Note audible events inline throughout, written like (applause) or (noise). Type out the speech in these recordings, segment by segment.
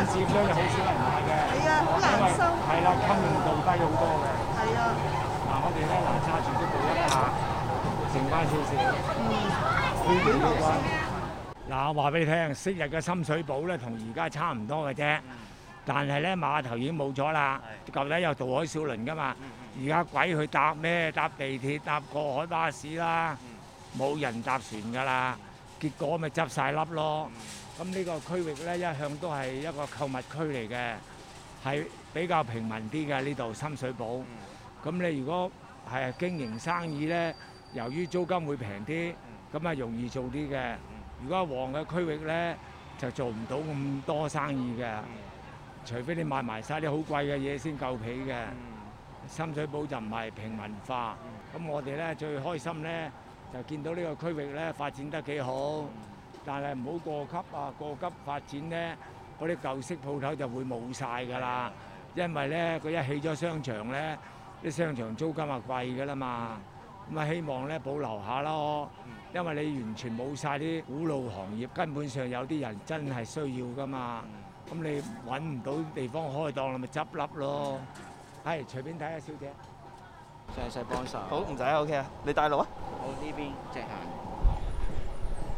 市郊又好少人買嘅，係啊，好難收。係啦，吸引力低咗好多嘅。係啊，嗱，我哋咧嗱，揸住啲保一把，剩翻少少。嗯。嗱，我話俾你聽，昔日嘅深水埗咧，同而家差唔多嘅啫。嗯。但係咧，碼頭已經冇咗啦。係。舊底有渡海小輪㗎嘛？嗯。而家鬼去搭咩？搭地鐵、搭過海巴士啦。嗯。冇人搭船㗎啦。嗯。結果咪執曬笠咯。咁呢個區域咧，一向都係一個購物區嚟嘅，係比較平民啲嘅，呢度深水埗。咁、mm. 你如果係經營生意咧，由於租金會平啲，咁啊容易做啲嘅。如果旺嘅區域咧，就做唔到咁多生意嘅。除非你買埋晒啲好貴嘅嘢先夠皮嘅。深水埗就唔係平民化。咁我哋咧，最開心咧，就見到呢個區域咧，發展得幾好。但係唔好過急啊！過急發展咧，嗰啲舊式鋪頭就會冇晒㗎啦。因為咧，佢一起咗商場咧，啲商場租金啊貴㗎啦嘛。咁啊，希望咧保留下咯。因為你完全冇晒啲古老行業，根本上有啲人真係需要㗎嘛。咁你揾唔到地方開檔啦，咪執笠咯。係，隨便睇下，小姐。細細幫手。好，唔使，OK 啊，你帶路啊。好，呢邊即係直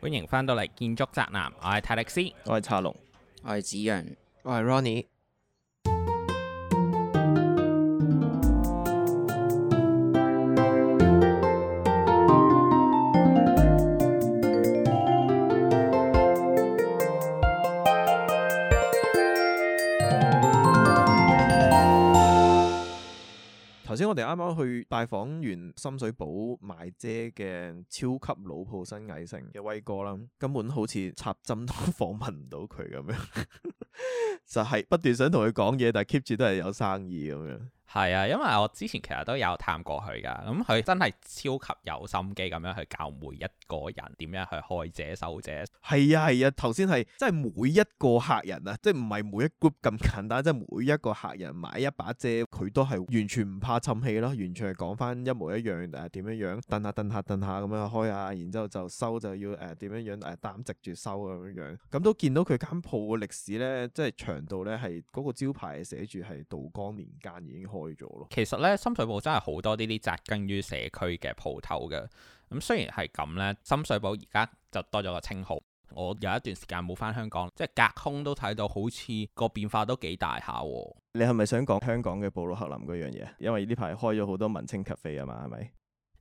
歡迎返到嚟《建築宅男》，我我我，我係泰勒斯，我係茶龍，我係子陽，我係 Ronnie。我哋啱啱去拜訪完深水埗買遮嘅超級老鋪新藝城嘅威哥啦，嗯、根本好似插針都訪問唔到佢咁樣， (laughs) 就係不斷想同佢講嘢，但係 keep 住都係有生意咁樣。係啊，因為我之前其實都有探過佢㗎，咁、嗯、佢真係超級有心機咁樣去教每一個人點樣去開遮收遮。係啊係啊，頭先係即係每一個客人啊，即係唔係每一 group 咁簡單，即係每一個客人買一把遮，佢都係完全唔怕氹氣咯，完全係講翻一模一樣誒點樣樣，蹬下蹬下蹬下咁樣開啊，然之後就收就要誒點樣樣誒擔直住收咁樣樣。咁、呃、都見到佢間鋪嘅歷史咧，即係長度咧係嗰個招牌寫住係道光年間已經好」。其實咧深水埗真係好多呢啲紮根於社區嘅鋪頭嘅。咁、嗯、雖然係咁咧，深水埗而家就多咗個稱號。我有一段時間冇翻香港，即係隔空都睇到，好似個變化都幾大下、啊。你係咪想講香港嘅布魯克林嗰樣嘢？因為呢排開咗好多文青 cafe 啊嘛，係咪？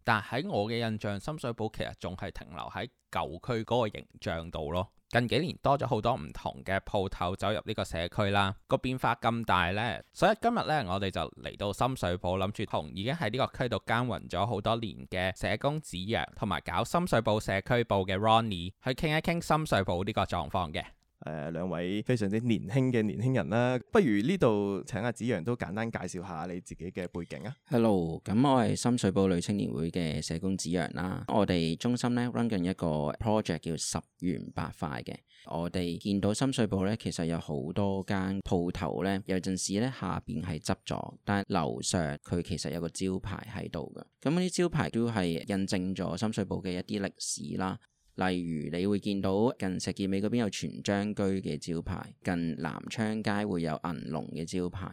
但喺我嘅印象，深水埗其實仲係停留喺舊區嗰個形象度咯。近幾年多咗好多唔同嘅鋪頭走入呢個社區啦，個變化咁大呢。所以今日呢，我哋就嚟到深水埗，諗住同已經喺呢個區度耕耘咗好多年嘅社工子揚同埋搞深水埗社區報嘅 Ronney 去傾一傾深水埗呢個狀況嘅。誒兩位非常之年輕嘅年輕人啦，不如呢度請阿子揚都簡單介紹下你自己嘅背景啊。Hello，咁我係深水埗女青年會嘅社工子揚啦。我哋中心呢，run 緊一個 project 叫拾源百塊嘅。我哋見到深水埗呢，其實有好多間鋪頭呢，有陣時呢，下邊係執咗，但係樓上佢其實有個招牌喺度嘅。咁嗰啲招牌都係印證咗深水埗嘅一啲歷史啦。例如，你會見到近石結尾石硤尾嗰邊有全張居嘅招牌，近南昌街會有銀龍嘅招牌，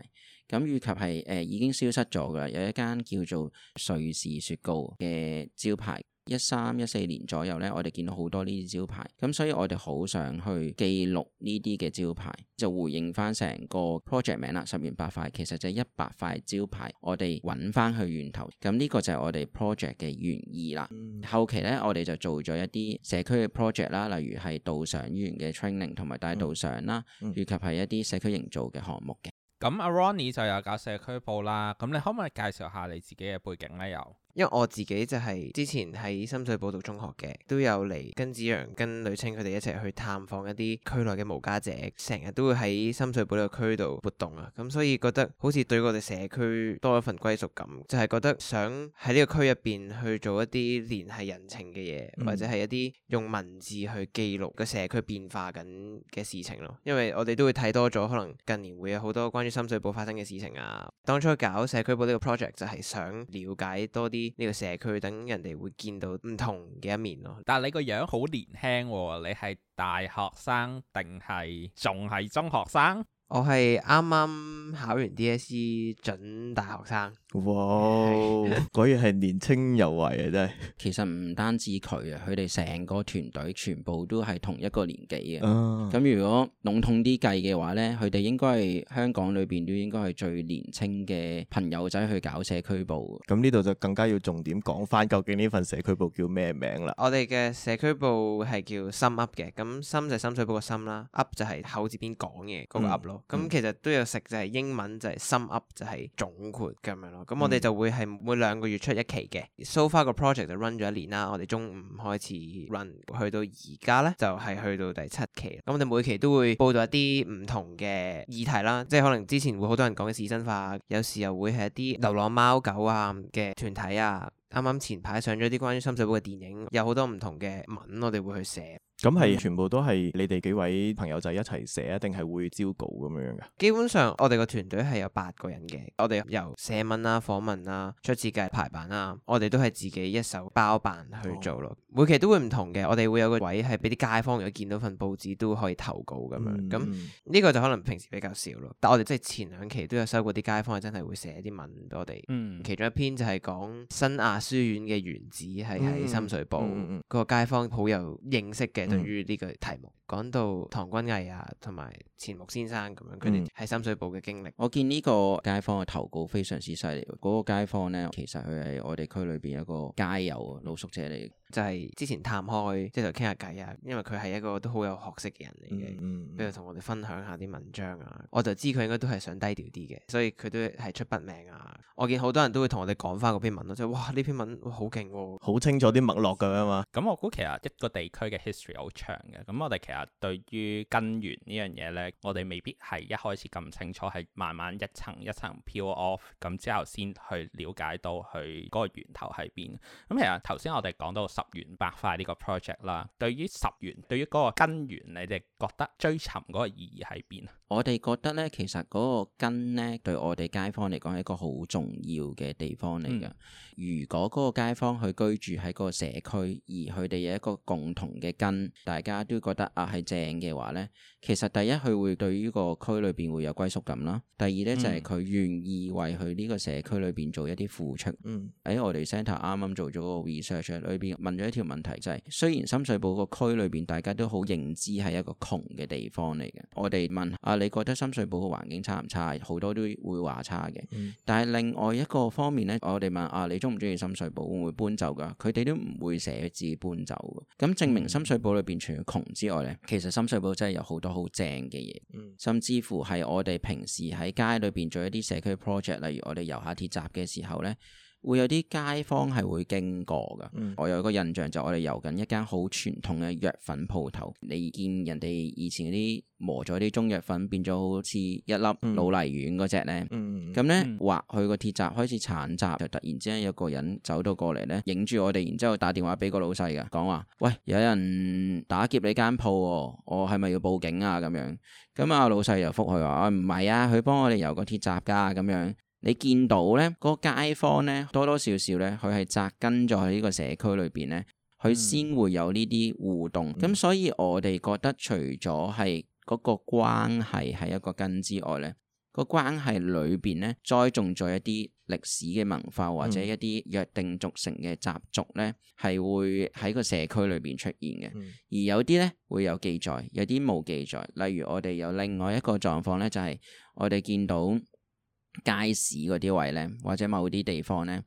咁以及係誒、呃、已經消失咗㗎，有一間叫做瑞士雪糕嘅招牌。一三一四年左右咧，我哋見到好多呢啲招牌，咁所以我哋好想去記錄呢啲嘅招牌，就回應翻成個 project 名啦。十元八塊，其實就係一百塊招牌，我哋揾翻去源頭。咁呢個就係我哋 project 嘅原意啦。嗯、後期咧，我哋就做咗一啲社區嘅 project 啦，例如係導賞員嘅 training 同埋帶導賞啦，嗯嗯、以及係一啲社區營造嘅項目嘅。咁阿 Ronney 就有搞社區報啦。咁你可唔可以介紹下你自己嘅背景咧？有。因為我自己就係之前喺深水埗讀中學嘅，都有嚟跟子揚，跟女青佢哋一齊去探訪一啲區內嘅無家者，成日都會喺深水埗呢個區度活動啊。咁、嗯、所以覺得好似對我哋社區多一份歸屬感，就係、是、覺得想喺呢個區入邊去做一啲聯繫人情嘅嘢，或者係一啲用文字去記錄個社區變化緊嘅事情咯。因為我哋都會睇多咗，可能近年會有好多關於深水埗發生嘅事情啊。當初搞社區報呢個 project 就係想了解多啲。呢個社區等人哋會見到唔同嘅一面咯。但係你個樣好年輕啊，你係大學生定係仲係中學生？我係啱啱考完 DSE 準大學生。哇！果然係年青有為啊，真係。 (laughs) 其實唔單止佢啊，佢哋成個團隊全部都係同一個年紀嘅。咁、嗯、如果籠統啲計嘅話呢，佢哋應該係香港裏邊都應該係最年輕嘅朋友仔去搞社區報。咁呢度就更加要重點講翻，究竟呢份社區報叫咩名啦？我哋嘅社區報係叫深、um、Up 嘅。咁深、um、就係深水埗個深啦，Up 就係口字邊講嘅嗰個 Up 咯。咁、嗯嗯、其實都有食就係英文就係、是、深、um、Up 就係總括咁樣咯。咁我哋就會係每兩個月出一期嘅，so far 個 project 就 run 咗一年啦。我哋中五開始 run，去到而家呢就係、是、去到第七期。咁我哋每期都會報道一啲唔同嘅議題啦，即係可能之前會好多人講嘅仕紳化，有時又會係一啲流浪貓狗啊嘅團體啊。啱啱前排上咗啲關於《深水埗》嘅電影，有好多唔同嘅文，我哋會去寫。咁係全部都係你哋幾位朋友就一齊寫啊？定係會招稿咁樣嘅？基本上我哋個團隊係有八個人嘅，我哋由寫文啊、訪問啊、出設計、排版啊，我哋都係自己一手包辦去做咯。嗯，每期都會唔同嘅，我哋會有個位係俾啲街坊如果見到份報紙都可以投稿咁樣。咁呢個就可能平時比較少咯，但我哋即係前兩期都有收過啲街坊係真係會寫啲文俾我哋。嗯，其中一篇就係講新亞。書院嘅原址係喺深水埗，嗯嗯嗯、個街坊好有認識嘅。對於呢個題目，講、嗯、到唐君毅啊，同埋錢穆先生咁樣，佢哋喺深水埗嘅經歷。我見呢個街坊嘅投稿非常之犀利，嗰、嗰個街坊呢，其實佢係我哋區裏邊一個街友老宿者嚟。就係之前探開即係傾下偈啊，因為佢係一個都好有學識嘅人嚟嘅，佢又同我哋分享下啲文章啊，我就知佢應該都係想低調啲嘅，所以佢都係出筆名啊。我見好多人都會同我哋講翻嗰篇文咯，即係、哇呢篇文好勁，啊，好清楚啲脈絡咁樣嘛。咁我估其實一個地區嘅 history 好長嘅，咁我哋其實對於根源呢樣嘢咧，我哋未必係一開始咁清楚，係慢慢一層一層 peel off，咁之後先去了解到佢嗰個源頭喺邊。咁其實頭先我哋講到。拾源百塊呢個 project 啦，對於拾源，對於嗰個根源，你哋覺得追尋嗰個意義喺邊啊？我哋覺得呢，其實嗰個根呢，對我哋街坊嚟講係一個好重要嘅地方嚟嘅。嗯、如果嗰個街坊去居住喺嗰個社區，而佢哋有一個共同嘅根，大家都覺得啊係正嘅話呢，其實第一佢會對於個區裏邊會有歸屬感啦。第二呢，就係佢願意為佢呢個社區裏邊做一啲付出。喺、嗯、我哋 Center 啱啱做咗個 Research，裏邊問咗一條問題就係、是：雖然深水埗個區裏邊大家都好認知係一個窮嘅地方嚟嘅，我哋問啊。你覺得深水埗嘅環境差唔差？好多都會話差嘅。嗯、但係另外一個方面呢，我哋問啊，你中唔中意深水埗會唔會搬走㗎？佢哋都唔會寫字搬走㗎。咁證明深水埗裏邊除咗窮之外呢，其實深水埗真係有好多好正嘅嘢。甚至乎係我哋平時喺街裏邊做一啲社區 project，例如我哋遊下鐵閘嘅時候呢。會有啲街坊係會經過㗎，嗯、我有個印象就我哋遊緊一間好傳統嘅藥粉鋪頭，你見人哋以前嗰啲磨咗啲中藥粉變咗好似一粒老泥丸嗰隻呢。咁、嗯、呢，話佢個鐵閘開始鏟閘，就突然之間有個人走到過嚟呢，影住我哋，然之後打電話俾個老細㗎，講話喂有人打劫你間鋪喎，我係咪要報警啊？咁樣，咁啊、嗯嗯、老細又覆佢話：唔、哎、係啊，佢幫我哋遊個鐵閘㗎咁樣。你見到咧、呢個街坊咧，多多少少咧，佢係扎根咗喺呢個社區裏邊咧，佢先會有呢啲互動。咁、嗯、所以我哋覺得，除咗係嗰個關係係一個根之外咧，個關係裏邊咧，栽種咗一啲歷史嘅文化或者一啲約定俗成嘅習俗咧，係會喺個社區裏邊出現嘅。而有啲咧會有記載，有啲冇記載。例如我哋有另外一個狀況咧，就係、是、我哋見到。街市嗰啲位呢，或者某啲地方呢，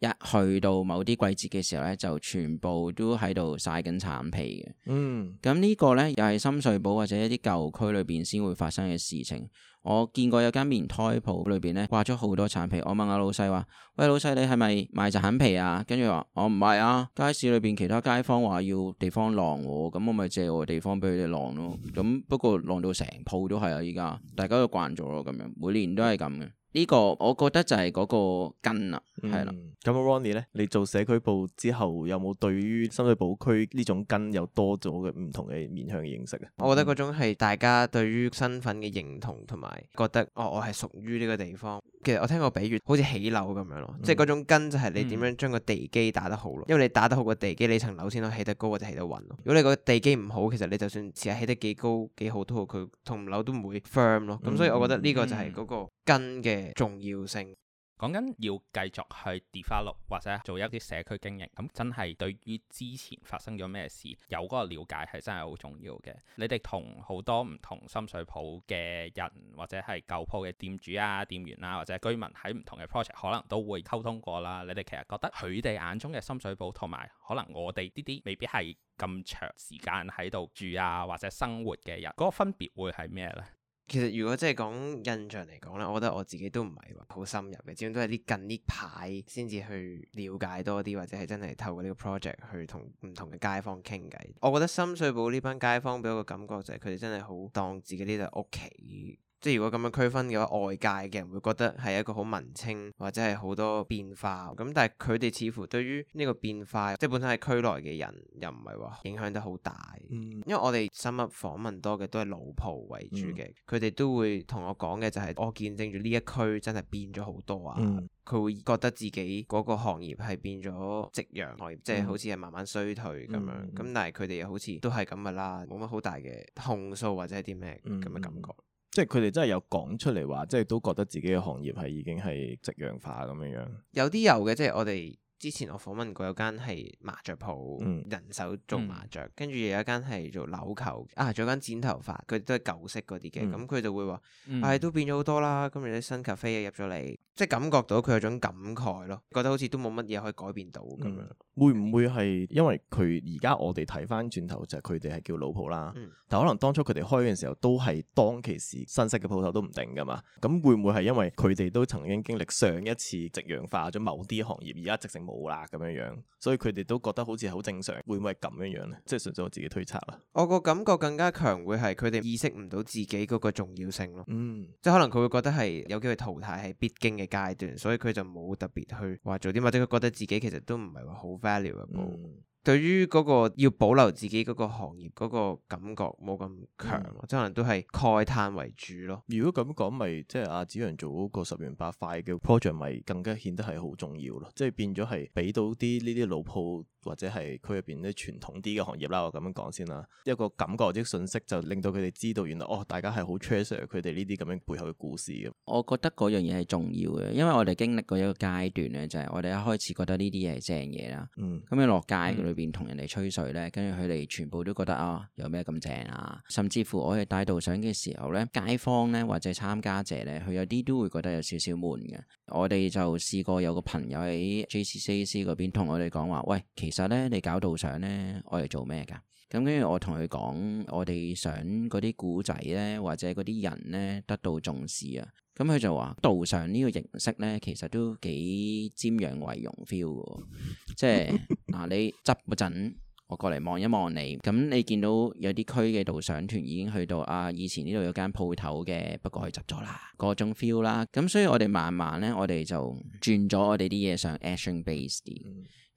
一去到某啲季節嘅時候呢，就全部都喺度曬緊橙皮嘅。嗯，咁呢個呢又係深水埗或者一啲舊區裏邊先會發生嘅事情。我見過有間棉胎鋪裏邊咧掛咗好多橙皮，我問阿老細話，喂，老細，你係咪賣橙皮啊？跟住話：我唔係啊，街市裏邊其他街坊話要地方晾喎，咁我咪借我個地方畀佢哋晾咯。咁不過晾到成鋪都係啊，依家大家都慣咗咯，咁樣每年都係咁嘅。呢個我覺得就係嗰個根啦，係啦、嗯。咁 Ronney 咧，你做社區部之後有冇對於深水埗區呢種根有多咗嘅唔同嘅面向嘅認識啊？我覺得嗰種係大家對於身份嘅認同，同埋覺得哦，我係屬於呢個地方。其實我聽過比喻，好似起樓咁樣咯，即係嗰種根就係你點樣將個地基打得好咯。因為你打得好個地基，你層樓先可以起得高或者起得穩咯。如果你個地基唔好，其實你就算試下起得幾高幾好，都好，佢同樓都唔會 firm 咯。咁所以我覺得呢個就係嗰個根嘅重要性。嗯嗯嗯。講緊要繼續去 develop 或者做一啲社區經營，咁真係對於之前發生咗咩事有嗰個了解係真係好重要嘅。你哋同好多唔同深水埗嘅人或者係舊鋪嘅店主啊、店員啊，或者居民喺唔同嘅 project 可能都會溝通過啦。你哋其實覺得佢哋眼中嘅深水埗同埋可能我哋呢啲未必係咁長時間喺度住啊或者生活嘅人，嗰、嗰個分別會係咩呢？其實如果真係講印象嚟講咧，我覺得我自己都唔係話好深入嘅，始終都係啲近呢排先至去了解多啲，或者係真係透過呢個 project 去同唔同嘅街坊傾偈。我覺得深水埗呢班街坊俾我個感覺就係佢哋真係好當自己呢度屋企。即係如果咁樣區分嘅話，外界嘅人會覺得係一個好文青，或者係好多變化咁，但係佢哋似乎對於呢個變化，即係本身係區內嘅人又唔係話影響得好大。嗯、因為我哋深入訪問多嘅都係老鋪為主嘅，佢哋、嗯、都會同我講嘅就係、係、我見證住呢一區真係變咗好多啊。佢、嗯、會覺得自己嗰個行業係變咗夕陽行業，嗯、即係好似係慢慢衰退咁樣。咁、嗯嗯、但係佢哋又好似都係咁嘅啦，冇乜好大嘅控訴或者係啲咩咁嘅感覺。嗯嗯嗯即係佢哋真係有講出嚟話，即係都覺得自己嘅行業係已經係夕陽化咁樣樣。有啲有嘅，即係我哋。之前我訪問過有間係麻雀鋪，嗯、人手做麻雀，跟住、嗯、有一間係做扭球，啊，仲有間剪頭髮，佢都係舊式嗰啲嘅，咁佢、嗯、就會話，唉、嗯哎，都變咗好多啦。今日啲新 cafe 又入咗嚟，即係感覺到佢有種感慨咯，覺得好似都冇乜嘢可以改變到咁樣。嗯、會唔會係是因為佢而家我哋睇翻轉頭就係佢哋係叫老鋪啦？嗯、但可能當初佢哋開嘅時候都係當其時新式嘅鋪頭都唔定噶嘛。咁會唔會係因為佢哋都曾經經歷上一次夕陽化咗某啲行業，而家直成？冇啦，咁樣樣，所以佢哋都覺得好似好正常，會唔會係咁樣樣咧？即係純粹我自己推測啦。我個感覺更加強，會係佢哋意識唔到自己嗰個重要性咯。嗯，即係可能佢會覺得係有機會淘汰係必經嘅階段，所以佢就冇特別去話做啲乜，或者佢覺得自己其實都唔係話好 valuable，嗯。對於嗰個要保留自己嗰個行業嗰個感覺冇咁強，即、嗯、可能都係慨嘆為主咯。如果咁講，咪、即係、即係阿子揚做嗰個拾源百塊嘅 project，咪更加顯得係好重要咯。即係變咗係俾到啲呢啲老鋪。或者係區入邊啲傳統啲嘅行業啦，我咁樣講先啦。一個感覺或者信息就令到佢哋知道，原來哦，大家係好 treasure 佢哋呢啲咁樣背後嘅故事咁。我覺得嗰樣嘢係重要嘅，因為我哋經歷過一個階段咧，就係、是、我哋一開始覺得呢啲嘢係正嘢啦。嗯。咁樣落街裏邊同人哋吹水咧，跟住佢哋全部都覺得啊、哦，有咩咁正啊？甚至乎我哋帶導賞嘅時候咧，街坊咧或者參加者咧，佢有啲都會覺得有少少悶嘅。我哋就試過有個朋友喺 JCC 嗰邊同我哋講話，喂，其其實咧，你搞導賞咧，我嚟做咩噶？咁跟住我同佢講，我哋想嗰啲古仔咧，或者嗰啲人咧得到重視啊。咁佢就話，導賞呢個形式咧，其實都幾瞻仰為容 feel 嘅、啊。 (laughs) 即係嗱、啊，你執嗰陣，我過嚟望一望你。咁你見到有啲區嘅導賞團已經去到啊，以前呢度有間鋪頭嘅，不過佢執咗啦，嗰種 feel 啦、啊。咁所以我哋慢慢咧，我哋就轉咗我哋啲嘢上 action base 啲。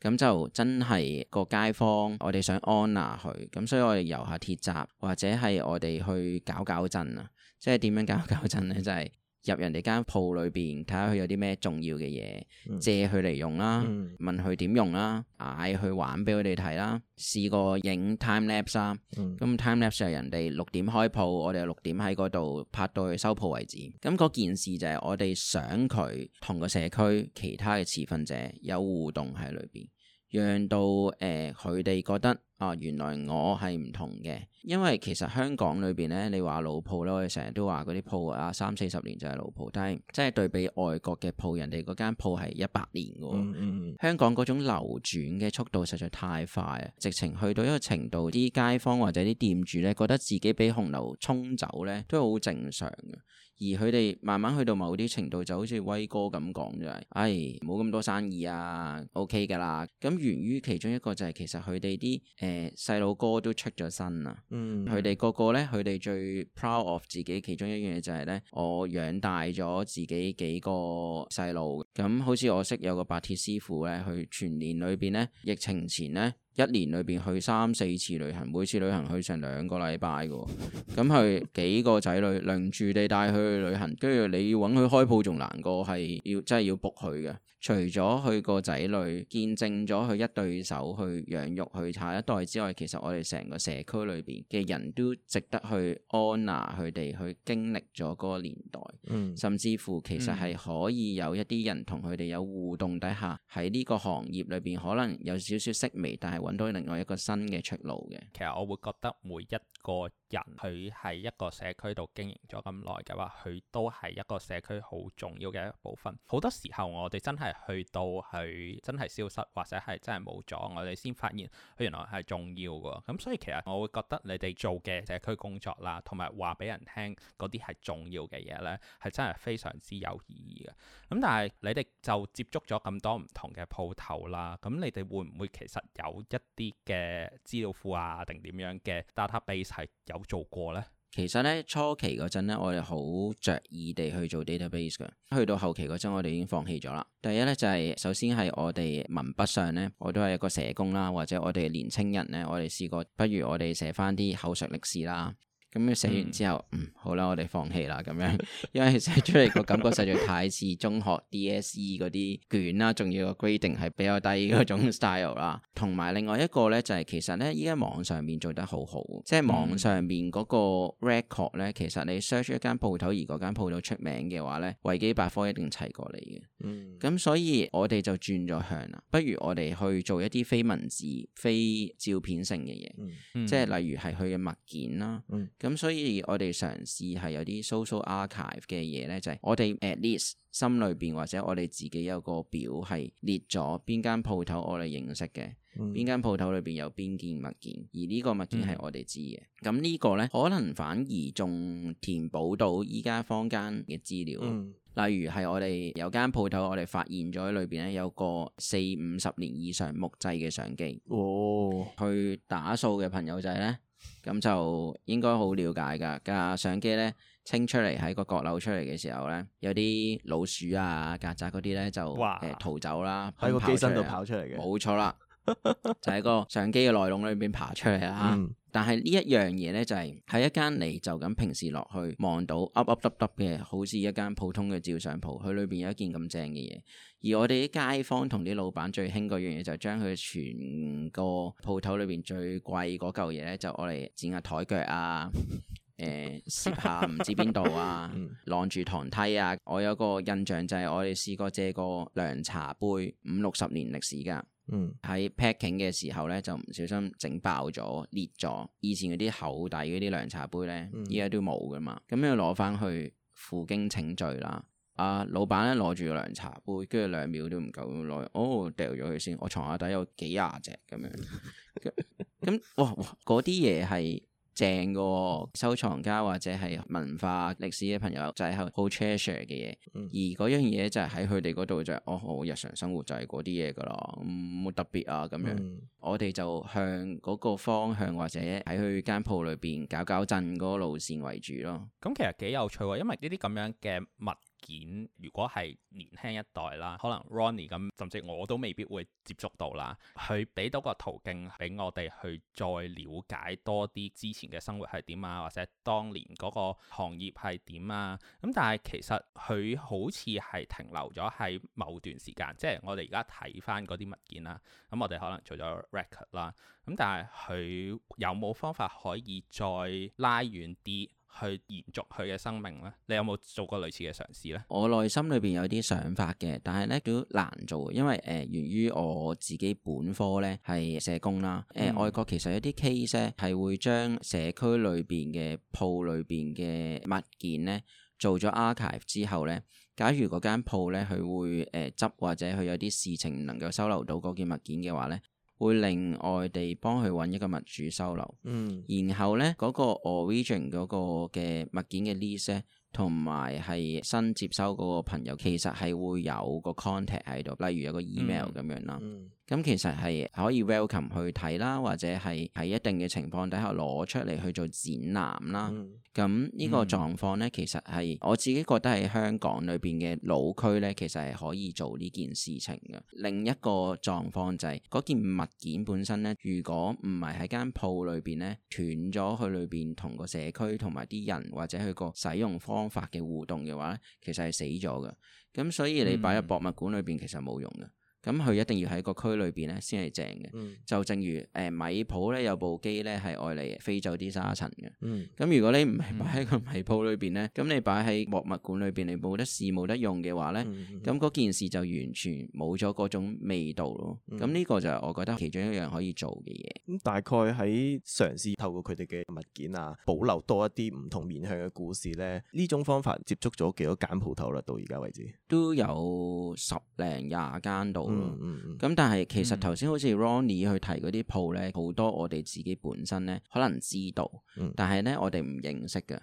咁就真係個街坊，我哋想安下佢，咁所以我哋遊下鐵閘，或者係我哋去搞搞震啊！即係點樣搞搞震呢？ (laughs) 就係入人哋間鋪裏邊，睇下佢有啲咩重要嘅嘢借佢嚟用啦， (laughs) 問佢點用啦，嗌佢玩俾佢哋睇啦，試過影 time lapse 啦。咁 time lapse 就係人哋六點開鋪，我哋六點喺嗰度拍到佢收鋪為止。咁嗰件事就係我哋想佢同個社區其他嘅持份者有互動喺裏邊。讓到誒佢哋覺得啊、哦，原來我係唔同嘅，因為其實香港裏邊咧，你話老鋪咧，我哋成日都話嗰啲鋪啊，三四十年就係老鋪，但係即係對比外國嘅鋪，人哋嗰間鋪係一百年嘅喎，mm hmm. 香港嗰種流轉嘅速度實在太快啊！直情去到一個程度，啲街坊或者啲店主咧，覺得自己俾洪流沖走咧，都好正常嘅。而佢哋慢慢去到某啲程度，就好似威哥咁講就係，唉、哎，冇咁多生意啊，OK 噶啦。咁源於其中一個就係、是，其實佢哋啲誒細路哥都出咗身啦。嗯，佢哋個個咧，佢哋最 proud of 自己其中一樣嘢就係咧，我養大咗自己幾個細路。咁好似我識有個白鐵師傅咧，佢全年裏邊咧，疫情前咧。一年裏邊去三四次旅行，每次旅行去成兩個禮拜嘅，咁去 (laughs) 幾個仔女輪住地帶佢去旅行，跟住你要搵佢開鋪仲難過，係要真係要撲佢嘅。除咗佢個仔女見證咗佢一對手去養育佢下一代之外，其實我哋成個社區裏邊嘅人都值得去 honor 佢哋去經歷咗嗰個年代，嗯，甚至乎其實係可以有一啲人同佢哋有互動底下喺呢個行業裏邊可能有少少式微，但係。揾到另外一個新嘅出路嘅，其實我會覺得每一個人佢喺一個社區度經營咗咁耐嘅話，佢都係一個社區好重要嘅一部分。好多時候我哋真係去到佢真係消失，或者係真係冇咗，我哋先發現佢原來係重要㗎。咁所以其實我會覺得你哋做嘅社區工作啦，同埋話俾人聽嗰啲係重要嘅嘢咧，係真係非常之有意義嘅。咁但係你哋就接觸咗咁多唔同嘅鋪頭啦，咁你哋會唔會其實有一啲嘅資料庫啊，定點樣嘅 Data Base 係有？做過咧，其實咧初期，嗰陣咧，我哋好着意地去做 database 嘅。去到後期嗰陣，我哋已經放棄咗啦。第一咧就係、是、首先係我哋文筆上咧，我都係一個社工啦，或者我哋年青人咧，我哋試過不如我哋寫翻啲口述歷史啦。咁寫、嗯、完之後，嗯，好啦，我哋放棄啦，咁樣，因為寫出嚟個感覺實在太似中學 DSE 嗰啲卷啦，仲要 grading 係比較低嗰種 style 啦。同埋另外一個咧，就係、是、其實咧依家網上面做得好好，即係網上面嗰個 record 咧，其實你 search 一間鋪頭，而嗰間鋪頭出名嘅話咧，維基百科一定齊過你嘅。嗯，咁所以我哋就轉咗向啦，不如我哋去做一啲非文字、非照片性嘅嘢，嗯嗯、即係例如係佢嘅物件啦。嗯。咁所以我哋嘗試係有啲 social archive 嘅嘢咧，就係我哋 at least 心裏邊或者我哋自己有個表係列咗邊間鋪頭我哋認識嘅，邊間鋪頭裏邊有邊件物件，而呢個物件係我哋知嘅。咁呢個咧可能反而仲填補到依家坊間嘅資料。嗯、例如係我哋有間鋪頭，我哋發現咗裏邊咧有個四五十年以上木製嘅相機，哦、去打掃嘅朋友仔咧。咁就應該好了解噶，架相機咧清出嚟喺個閣樓出嚟嘅時候咧，有啲老鼠啊、曱甴嗰啲咧就哇誒逃走啦，喺個機身度跑出嚟嘅，冇錯啦， (laughs) 就喺個相機嘅內籠裏邊爬出嚟啦。嗯但係呢一樣嘢呢，就係、是、喺一間你就咁平時落去望到噏噏耷耷嘅，好似一間普通嘅照相鋪，佢裏邊有一件咁正嘅嘢。而我哋啲街坊同啲老闆最興嗰樣嘢，就將佢全個鋪頭裏邊最貴嗰嚿嘢呢，就攞嚟剪下枱腳啊，誒、呃、攝下唔知邊度啊，晾住堂梯啊。我有個印象就係我哋試過借個涼茶杯五六十年歷史㗎。嗯，喺 packing 嘅時候咧，就唔小心整爆咗裂咗。以前嗰啲厚底嗰啲涼茶杯咧，依家、嗯、都冇噶嘛。咁樣攞翻去負荊請罪啦。阿、啊、老闆咧攞住個涼茶杯，跟住兩秒都唔夠耐，哦掉咗佢先。我床下底有幾廿隻咁樣，咁 (laughs) (laughs) 哇嗰啲嘢係～正嘅、哦、收藏家或者係文化歷史嘅朋友就係好好 treasure 嘅嘢，嗯、而嗰樣嘢就係喺佢哋嗰度就係哦、我日常生活就係嗰啲嘢噶咯，冇、嗯、特別啊咁樣。嗯、我哋就向嗰個方向或者喺佢間鋪裏邊搞搞震嗰個路線為主咯。咁其實幾有趣喎、哦，因為呢啲咁樣嘅物件如果係年輕一代啦，可能 Ronnie 咁，甚至我都未必會接觸到啦。佢俾到個途徑俾我哋去再了解多啲之前嘅生活係點啊，或者當年嗰個行業係點啊。咁但係其實，佢好似係停留咗喺某段時間，即係我哋而家睇翻嗰啲物件啦。咁我哋可能除咗 record 啦，咁但係，佢有冇方法可以再拉遠啲？去延續佢嘅生命咧，你有冇做過類似嘅嘗試咧？我內心裏邊有啲想法嘅，但係咧都難做，因為誒、呃、源於我自己本科咧係社工啦。誒、嗯呃、外國其實有啲 case 係會將社區裏邊嘅鋪裏邊嘅物件咧做咗 archive 之後咧，假如嗰間鋪咧佢會誒執、呃、或者佢有啲事情能夠收留到嗰件物件嘅話咧。會另外地幫佢揾一個物主收留，嗯、然後呢，嗰、嗰個 origin 嗰個嘅物件嘅 list 同埋係新接收嗰個朋友，其實係會有個 contact 喺度，例如有個 email 咁樣啦。嗯嗯咁其實係可以 welcome 去睇啦，或者係喺一定嘅情況底下攞出嚟去做展覽啦。咁呢、嗯、個狀況呢，其實係我自己覺得喺香港裏邊嘅老區呢，其實係可以做呢件事情嘅。另一個狀況就係、是、嗰件物件本身呢，如果唔係喺間鋪裏邊呢斷咗，去裏邊同個社區同埋啲人或者去個使用方法嘅互動嘅話，其實係死咗嘅。咁所以你擺入博物館裏邊其實冇用嘅。嗯。咁佢一定要喺個區裏邊咧，先係正嘅。就正如誒、呃、米鋪咧，有部機咧係愛嚟飛走啲沙塵嘅。咁、嗯、如果你唔係擺喺個米鋪裏邊咧，咁你擺喺博物館裏邊，你冇得試冇得用嘅話咧，咁嗰、嗯嗯、件事就完全冇咗嗰種味道咯。咁呢、嗯、個就係我覺得其中一樣可以做嘅嘢。咁、嗯嗯、大概喺嘗試透過佢哋嘅物件啊，保留多一啲唔同面向嘅故事咧，呢種方法接觸咗幾多間鋪頭啦？到而家為止都有十零廿間到。嗯嗯嗯，咁、嗯嗯、但係其實頭先好似 Ronney 去提嗰啲鋪咧，好、嗯、多我哋自己本身咧可能知道，嗯、但係咧我哋唔認識噶。咁、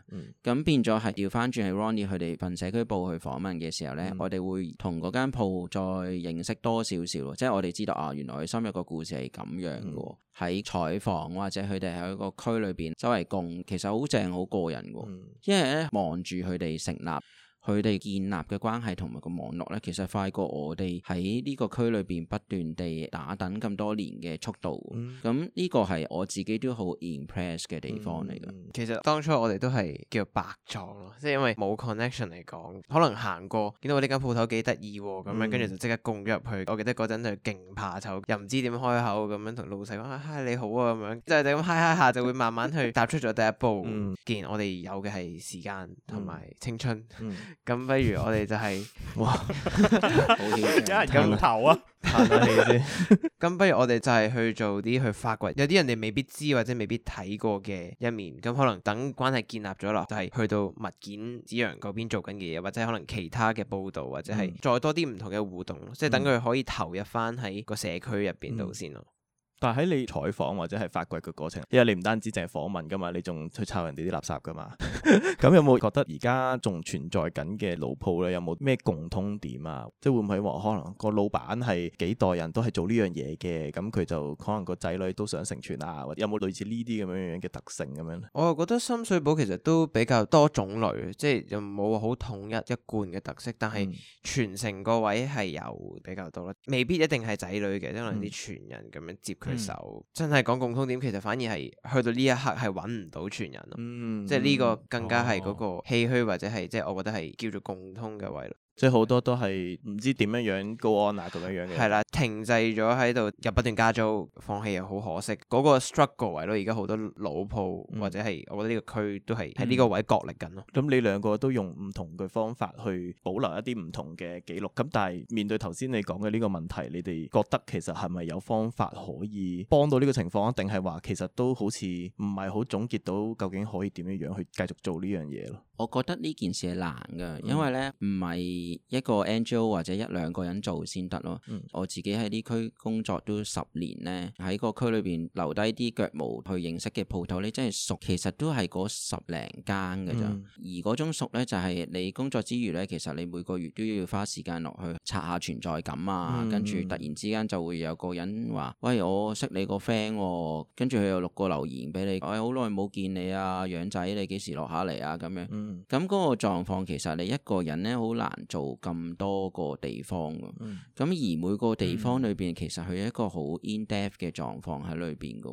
嗯、變咗係調翻轉係 Ronney 佢哋份社區報，去訪問嘅時候咧，嗯、我哋會同嗰間鋪再認識多少少咯，即係我哋知道啊，原來佢深入個故事係咁樣噶。喺採訪或者佢哋喺一個區裏邊周圍共，其實好正好過癮噶，嗯、因為咧望住佢哋成立。佢哋建立嘅關係同埋個網絡呢，其實快過我哋喺呢個區裏邊不斷地打等咁多年嘅速度。咁呢、嗯、個係我自己都好 impress 嘅地方嚟嘅、嗯嗯。其實當初我哋都係叫白撞咯，即係因為冇 connection 嚟講，可能行過見到我呢間鋪頭幾得意喎，咁樣跟住、嗯、就即刻攻咗入去。我記得嗰陣就勁怕醜，又唔知點開口咁樣同老細講嗨，你好啊咁樣，即係你咁嗨嗨下就會慢慢去踏出咗第一步。既、嗯、然我哋有嘅係時間同埋青春。嗯嗯。咁不如我哋就係、是， (laughs) 哇，有 (laughs) (laughs) 人咁投啊，行得起。咁不如我哋就係去做啲去發掘，有啲人哋未必知或者未必睇過嘅一面。咁可能等關係建立咗喇，就係、是、去到物件子揚嗰邊做緊嘅嘢，或者可能其他嘅報道，或者係再多啲唔同嘅互動，嗯、即係等佢可以投入翻喺個社區入邊度先咯。嗯但喺你採訪或者係發掘嘅過程，因為你唔單止淨係訪問㗎嘛，你仲去抄人哋啲垃圾㗎嘛。咁 (laughs) (laughs) (laughs) 有冇覺得而家仲存在緊嘅老鋪咧？有冇咩共通點啊？即係會唔會話可能個老闆係幾代人都係做呢樣嘢嘅，咁佢就可能個仔女都想成全啊，或者有冇類似呢啲咁樣樣嘅特性咁樣咧？我覺得深水埗其實都比較多種類，即係又冇好統一一貫嘅特色，但係傳承個位係有比較多咯，嗯、未必一定係仔女嘅，因為啲傳人咁樣接佢。手、嗯、真係講共通點，其實反而係去到呢一刻係揾唔到傳人咯，嗯、即係呢個更加係個唏噓噢 或者係即係我覺得係叫做共通嘅位咯。所以好多都係唔知點樣 go on 啊，咁樣樣嘅。係啦，停滯咗喺度，又不斷加租，放棄又好可惜。嗰、嗰個 struggle 位咯，而家好多老鋪、嗯、或者係我覺得呢個區都係喺呢個位角力緊咯。咁、嗯、你兩個都用唔同嘅方法去保留一啲唔同嘅記錄，咁但係面對頭先你講嘅呢個問題，你哋覺得其實係咪有方法可以幫到呢個情況啊？定係話其實都好似唔係好總結到究竟可以點樣樣去繼續做呢樣嘢咯？我覺得呢件事係難嘅，因為咧唔係，一個 NGO 或者一兩個人做先得咯。嗯、我自己喺呢區工作都十年咧，喺個區裏邊留低啲腳毛去認識嘅鋪頭你真係熟，其實都係嗰十零間嘅咋。嗯、而嗰種熟呢，就係、是、你工作之餘呢，其實你每個月都要花時間落去刷下存在感啊。嗯、跟住突然之間就會有個人話：喂，我識你個 friend，、哦、跟住佢又錄個留言俾你，喂、哎，好耐冇見你啊，養仔，你幾時落下嚟啊？咁樣。咁嗰、嗯嗯、個狀況，其實你一個人呢，好難做。咁多個地方噶，咁而每個地方裡邊其實佢有一個好 in-depth 嘅狀況喺裡邊噶，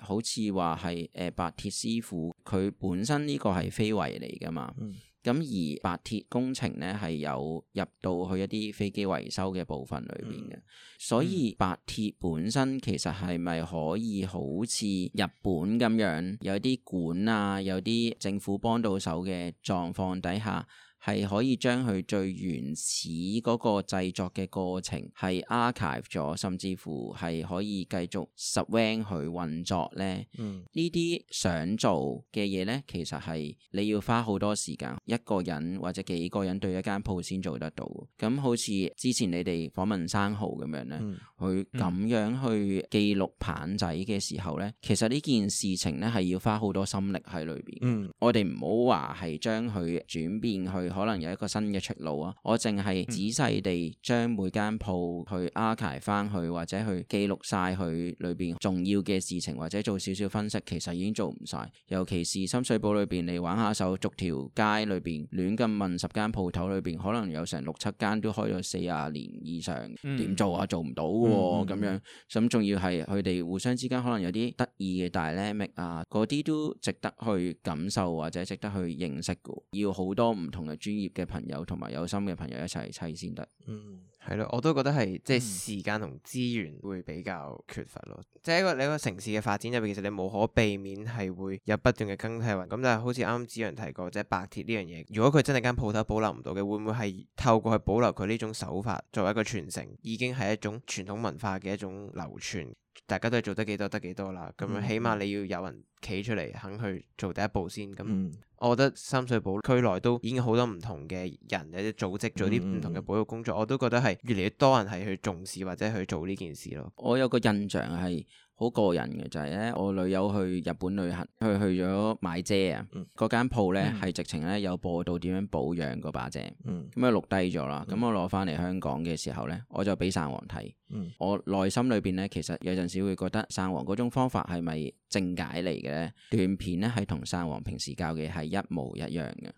好似話係誒白鐵師傅佢本身呢個係非遺嚟噶嘛，咁而白鐵工程呢，係有入到去一啲飛機維修嘅部分裡邊嘅，所以白鐵本身其實係咪可以好似日本咁樣有啲管啊，有啲政府幫到手嘅狀況底下？係可以將佢最原始嗰個製作嘅過程係 archive 咗，甚至乎係可以繼續 sustain 佢運作咧。呢啲、嗯、想做嘅嘢呢，其實係你要花好多時間，一個人或者幾個人對一間鋪先做得到。咁好似之前你哋訪問生蠔咁樣咧，佢咁、嗯嗯、樣去記錄棒仔嘅時候呢，其實呢件事情呢，係要花好多心力喺裏邊。嗯、我哋唔好話係將佢轉變去。可能有一個新嘅出路啊！我淨係仔細地將每間鋪去 archive 翻去，或者去記錄晒佢裏邊重要嘅事情，或者做少少分析，其實已經做唔晒，尤其是深水埗裏邊，你玩下手，逐條街裏邊亂咁問十間鋪頭裏邊，可能有成六七間都開咗四十年以上，點做啊？做唔到喎、哦、嗯、咁樣。咁仲要係佢哋互相之間可能有啲得意嘅 dynamics 啊，嗰啲都值得去感受或者值得去認識嘅。要好多唔同嘅。專業嘅朋友同埋有心嘅朋友一齊砌先得。嗯，係咯，我都覺得係即係時間同資源會比較缺乏咯。即係、嗯、一個你一個城市嘅發展入面，其實你無可避免係會有不斷嘅更替運。咁但係好似啱啱子揚提過，即係白鐵呢樣嘢，如果佢真係間鋪頭保留唔到嘅，會唔會係透過去保留佢呢種手法作為一個傳承，已經係一種傳統文化嘅一種流傳？大家都係做得幾多得幾多啦，咁起碼你要有人企出嚟肯去做第一步先。咁，我覺得深水埗區內都已經好多唔同嘅人有啲組織做啲唔同嘅保育工作，我都覺得係越嚟越多人係去重視或者去做呢件事咯。我有個印象係。好個人嘅就係咧，我女友去日本旅行，佢去咗買遮啊。嗰、嗯、間鋪咧係直情咧有播到點樣保養嗰把遮，咁啊、嗯、錄低咗啦。咁、嗯、我攞翻嚟香港嘅時候咧，我就俾傘王睇。嗯、我內心裏邊咧，其實有陣時會覺得傘王嗰種方法係咪正解嚟嘅咧？段片咧係同傘王平時教嘅係一模一樣嘅。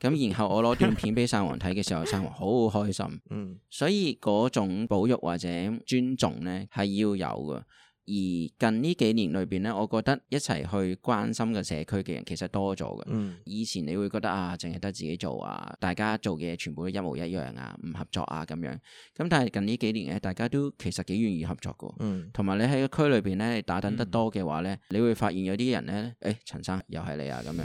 咁 (laughs) 然後我攞段片俾傘王睇嘅時候，傘 (laughs) 王好開心。所以嗰種保育或者尊重咧係要有嘅。而近呢幾年裏邊呢，我覺得一齊去關心嘅社區嘅人其實多咗嘅。嗯、以前你會覺得啊，淨係得自己做啊，大家做嘅嘢全部都一模一樣啊，唔合作啊咁樣。咁但係近呢幾年咧，大家都其實幾願意合作嘅。同埋、嗯、你喺個區裏邊咧，打等得多嘅話咧，嗯、你會發現有啲人咧，誒、哎、陳生又係你啊咁樣。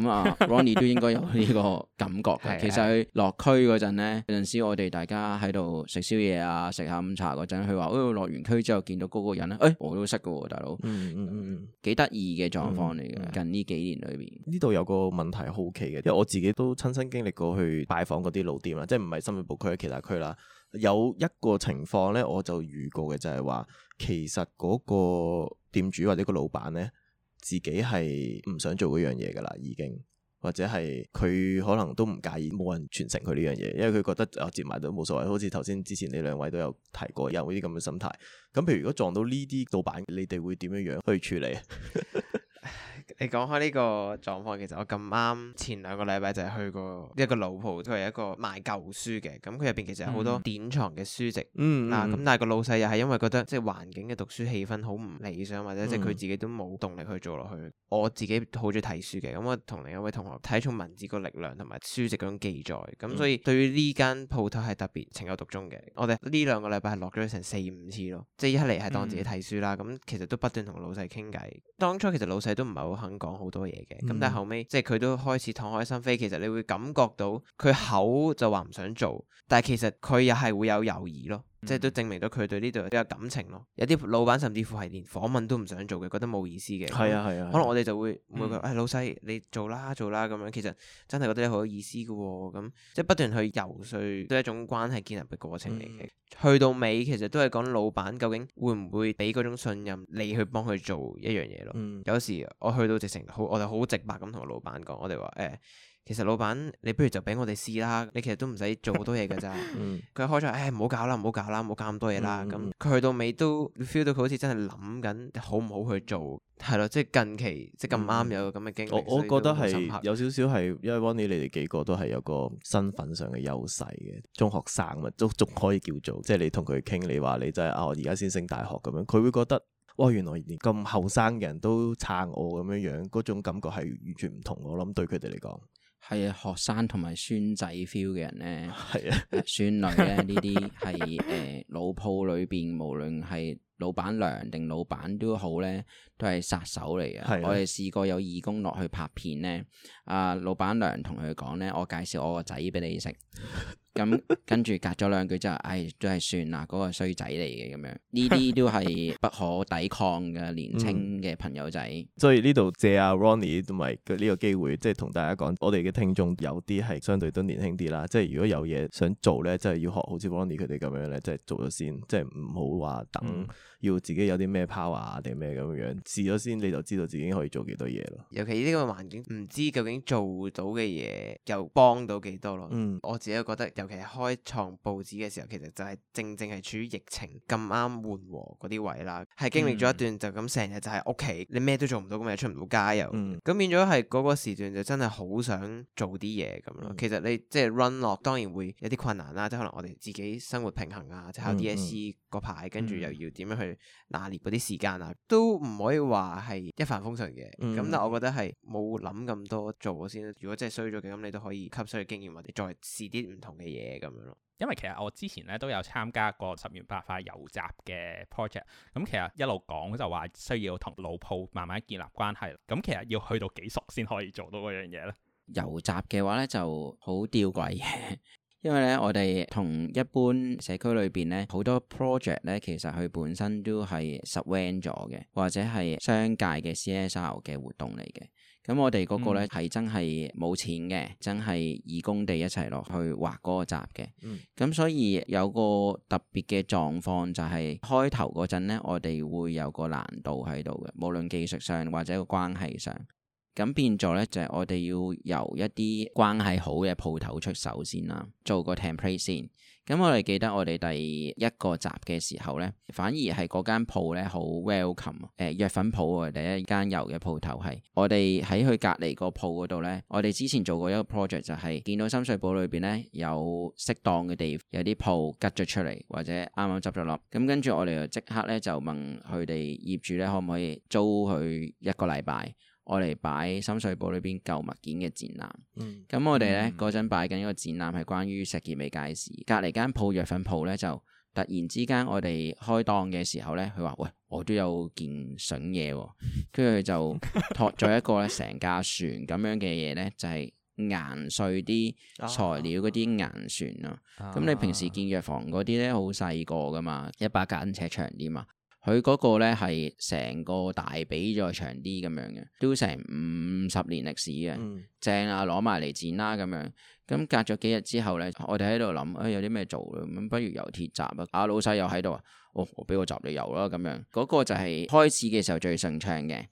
咁 (laughs) 啊 Ronney 都應該有呢個感覺嘅。 (laughs) 其實落區嗰陣咧，有陣時我哋大家喺度食宵夜啊，食下午茶嗰陣，佢話，哦、哎、落完區之後見到嗰個人咧，哎哎我都識嘅，大佬、嗯，嗯嗯嗯，幾得意嘅狀況嚟嘅。近呢幾年裏邊，呢度有個問題好奇嘅，因為我自己都親身經歷過去拜訪嗰啲老店啦，即係唔係深水埗區喺其他區啦。有一個情況咧，我就遇過嘅就係、是、話，其實嗰個店主或者個老闆咧，自己係唔想做嗰樣嘢嘅啦，已經。或者係佢可能都唔介意，冇人傳承佢呢樣嘢，因為佢覺得我接埋都冇所謂。好似頭先之前你兩位都有提過有啲咁嘅心態。咁譬如如果撞到呢啲老闆，你哋會點樣樣去處理？ (laughs) (laughs) 你講開呢個狀況，其實我咁啱前兩個禮拜就係去過一個老鋪，都係一個賣舊書嘅，咁佢入邊其實有好多典藏嘅書籍，嗱、嗯、咁、嗯嗯嗯、但係個老細又係因為覺得即係環境嘅讀書氣氛好唔理想，或者即係佢自己都冇動力去做落去。我自己好中意睇書嘅，咁、嗯、我同另一位同學睇重文字個力量同埋書籍嗰種記載，咁、嗯、所以對於呢間鋪頭係特別情有獨鍾嘅。我哋呢兩個禮拜係落咗成四五次咯，即係一嚟係當自己睇書啦，咁、嗯、其實都不斷同老細傾偈。當初其實老細都唔係好肯講好多嘢嘅，咁 (noise) 但係後尾即係佢都開始敞開心扉，其實你會感覺到佢口就話唔想做，但係其實佢又係會有猶豫咯。即係都證明到佢對呢度都有感情咯，有啲老闆甚至乎係連訪問都唔想做嘅，覺得冇意思嘅。係啊係啊，啊啊可能我哋就會每個誒老細，你做啦做啦咁樣，其實真係覺得你好有意思嘅喎。咁即係不斷去游説，都係一種關係建立嘅過程嚟嘅。嗯、去到尾其實都係講老闆究竟會唔會俾嗰種信任你去幫佢做一樣嘢咯。嗯、有時我去到直情好，我就好直白咁同老闆講，我哋話誒，哎其實老闆，你不如就俾我哋試啦。你其實都唔使做好多嘢㗎咋。佢、 (laughs) 嗯、開咗，誒唔好搞啦，唔好搞啦，唔好搞咁多嘢啦。咁佢去到尾都 feel 到佢好似真係諗緊，好唔好去做？係咯，即係近期即係咁啱有咁嘅經歷。我我覺得係有少少係，因為 Winnie 你哋幾個都係有個身份上嘅優勢嘅中學生啊，都仲可以叫做即係你同佢傾，你話你真係啊，我而家先升大學咁樣，佢會覺得哇原來咁後生嘅人都撐我咁樣樣，嗰種感覺係完全唔同。我諗對佢哋嚟講。係學生同埋孫仔 feel 嘅人咧，係是的 啊，孫女咧，呢啲係誒老鋪裏邊，無論係老闆娘定老闆都好咧。都係殺手嚟嘅，是的 我哋試過有義工落去拍片呢。啊老闆娘同佢講呢：「我介紹我個仔俾你識。」咁跟住隔咗兩句就係，唉、 (laughs) 哎，都係算啦，嗰、那個衰仔嚟嘅咁樣，呢啲都係不可抵抗嘅年青嘅朋友仔，嗯、所以呢度借阿、啊、Ronney 同埋呢個機會，即係同大家講，我哋嘅聽眾有啲係相對都年輕啲啦，即、就、係、是、如果有嘢想做呢，即、就、係、是、要學好似 Ronney 佢哋咁樣呢，即、就、係、是、做咗先，即係唔好話等。嗯要自己有啲咩 power 啊定咩咁樣，試咗先，你就知道自己可以做幾多嘢咯。尤其呢個環境，唔知究竟做到嘅嘢又幫到幾多咯。嗯，我自己覺得，尤其係開創報紙嘅時候，其實就係正正係處於疫情咁啱緩和嗰啲位啦。係經歷咗一段就咁成日就係屋企，你咩都做唔到，咁又出唔到街，又咁、嗯、變咗係嗰個時段就真係好想做啲嘢咁咯。嗯、其實你即係、就是、run 落，當然會有啲困難啦。即、就、係、是、可能我哋自己生活平衡啊，即係考 DSE 嗰排，跟住又要點樣去？拿捏嗰啲時間啊，都唔可以話係一帆風順嘅。咁、嗯、但我覺得係冇諗咁多做先。如果真係衰咗嘅，咁你都可以吸收經驗或者再試啲唔同嘅嘢咁樣咯。因為其實我之前咧都有參加過十元八塊油閘嘅 project。咁、嗯、其實一路講就話需要同老鋪慢慢建立關係。咁、嗯、其實要去到幾熟先可以做到嗰樣嘢咧？油閘嘅話咧就好吊詭嘅。因為咧，我哋同一般社區裏邊咧，好多 project 咧，其實佢本身都係 subven 咗嘅，或者係商界嘅 CSR 嘅活動嚟嘅。咁我哋嗰個咧係、嗯、真係冇錢嘅，真係義工地一齊落去畫嗰個閘嘅。咁、嗯、所以有個特別嘅狀況就係、是、開頭嗰陣咧，我哋會有個難度喺度嘅，無論技術上或者個關係上。咁變咗咧，就係、是、我哋要由一啲關係好嘅鋪頭出手先啦，做個 template 先。咁我哋記得我哋第一個集嘅時候咧，反而係嗰間鋪咧好 welcome，誒、呃、藥粉鋪啊，第一間入嘅鋪頭係我哋喺佢隔離個鋪嗰度咧，我哋之前做過一個 project 就係、是、見到深水埗裏邊咧有適當嘅地，有啲鋪吉咗出嚟，或者啱啱執咗笠，咁跟住我哋就即刻咧就問佢哋業主咧可唔可以租佢一個禮拜。我嚟擺深水埗裏邊舊物件嘅展覽，咁、嗯、我哋咧嗰陣擺緊一個展覽係關於石硤尾街市。隔離間鋪藥粉鋪咧就突然之間我哋開檔嘅時候咧，佢話：喂，我都有件筍嘢喎、哦。跟住 (laughs) 就托咗一個咧成架船咁樣嘅嘢咧， (laughs) 就係研碎啲材料嗰啲研船咯。咁、啊啊、你平時見藥房嗰啲咧好細個噶嘛，一把間尺長啲嘛。佢嗰個咧係成個大髀再長啲咁樣嘅，都成五十年歷史嘅，嗯、正啊攞埋嚟剪啦咁樣。咁隔咗幾日之後呢，我哋喺度諗，唉、哎、有啲咩做咁，不如油鐵閘啊！阿老細又喺度啊。哦、我我俾個閘你油啦，咁樣嗰、嗰個就係開始嘅時候最順暢嘅。咁、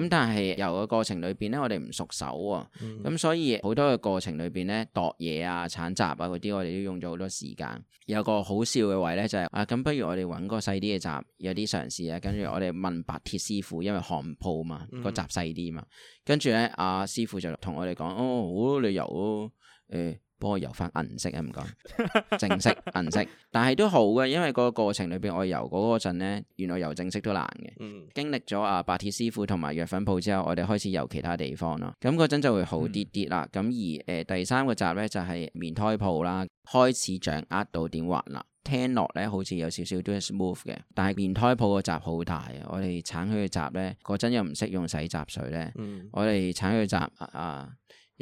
嗯、但係油嘅過程裏邊咧，我哋唔熟手喎、哦，咁、嗯、所以好多嘅過程裏邊咧，度嘢啊、鏟集啊嗰啲，我哋都用咗好多時間。有個好笑嘅位咧、就係，就係啊，咁不如我哋揾個細啲嘅閘，有啲嘗試啊，跟住我哋問白鐵師傅，因為行鋪嘛，個閘細啲嘛，嗯、跟住咧阿師傅就同我哋講，哦好，你油誒、啊。欸幫我油返銀色啊！唔該 (laughs) 正式銀色，但係都好嘅，因為個過程裏邊我油嗰個陣咧，原來油正式都難嘅。嗯、經歷咗啊白鐵師傅同埋藥粉鋪之後，我哋開始油其他地方咯。咁嗰陣就會好啲啲啦。咁、嗯、而誒、呃、第三個閘呢，就係、是、棉胎鋪啦，開始掌握到點滑啦。聽落呢，好似有少少都係 smooth 嘅，但係棉胎鋪個閘好大啊！我哋鏟佢個閘咧嗰陣又唔識用洗閘水呢，嗯嗯、我哋鏟佢個閘啊～啊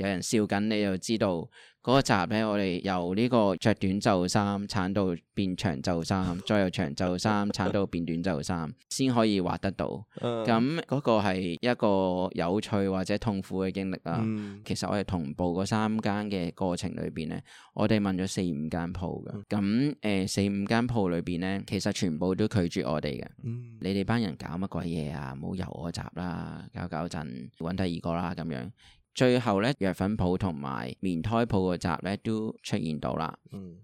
有人笑緊，你就知道嗰、那個、集咧。我哋由呢個着短袖衫撐到變長袖衫， (laughs) 再由長袖衫撐到變短袖衫，先可以畫得到。咁嗰、那個係一個有趣或者痛苦嘅經歷啊。嗯、其實我哋同步嗰三間嘅過程裏邊咧，我哋問咗四五間鋪嘅。咁誒、呃、四五間鋪裏邊咧，其實全部都拒絕我哋嘅。嗯、你哋班人搞乜鬼嘢啊？唔好由我集啦，搞搞陣搵第二個啦咁樣。最後咧，藥粉鋪同埋棉胎鋪個閘咧都出現到啦。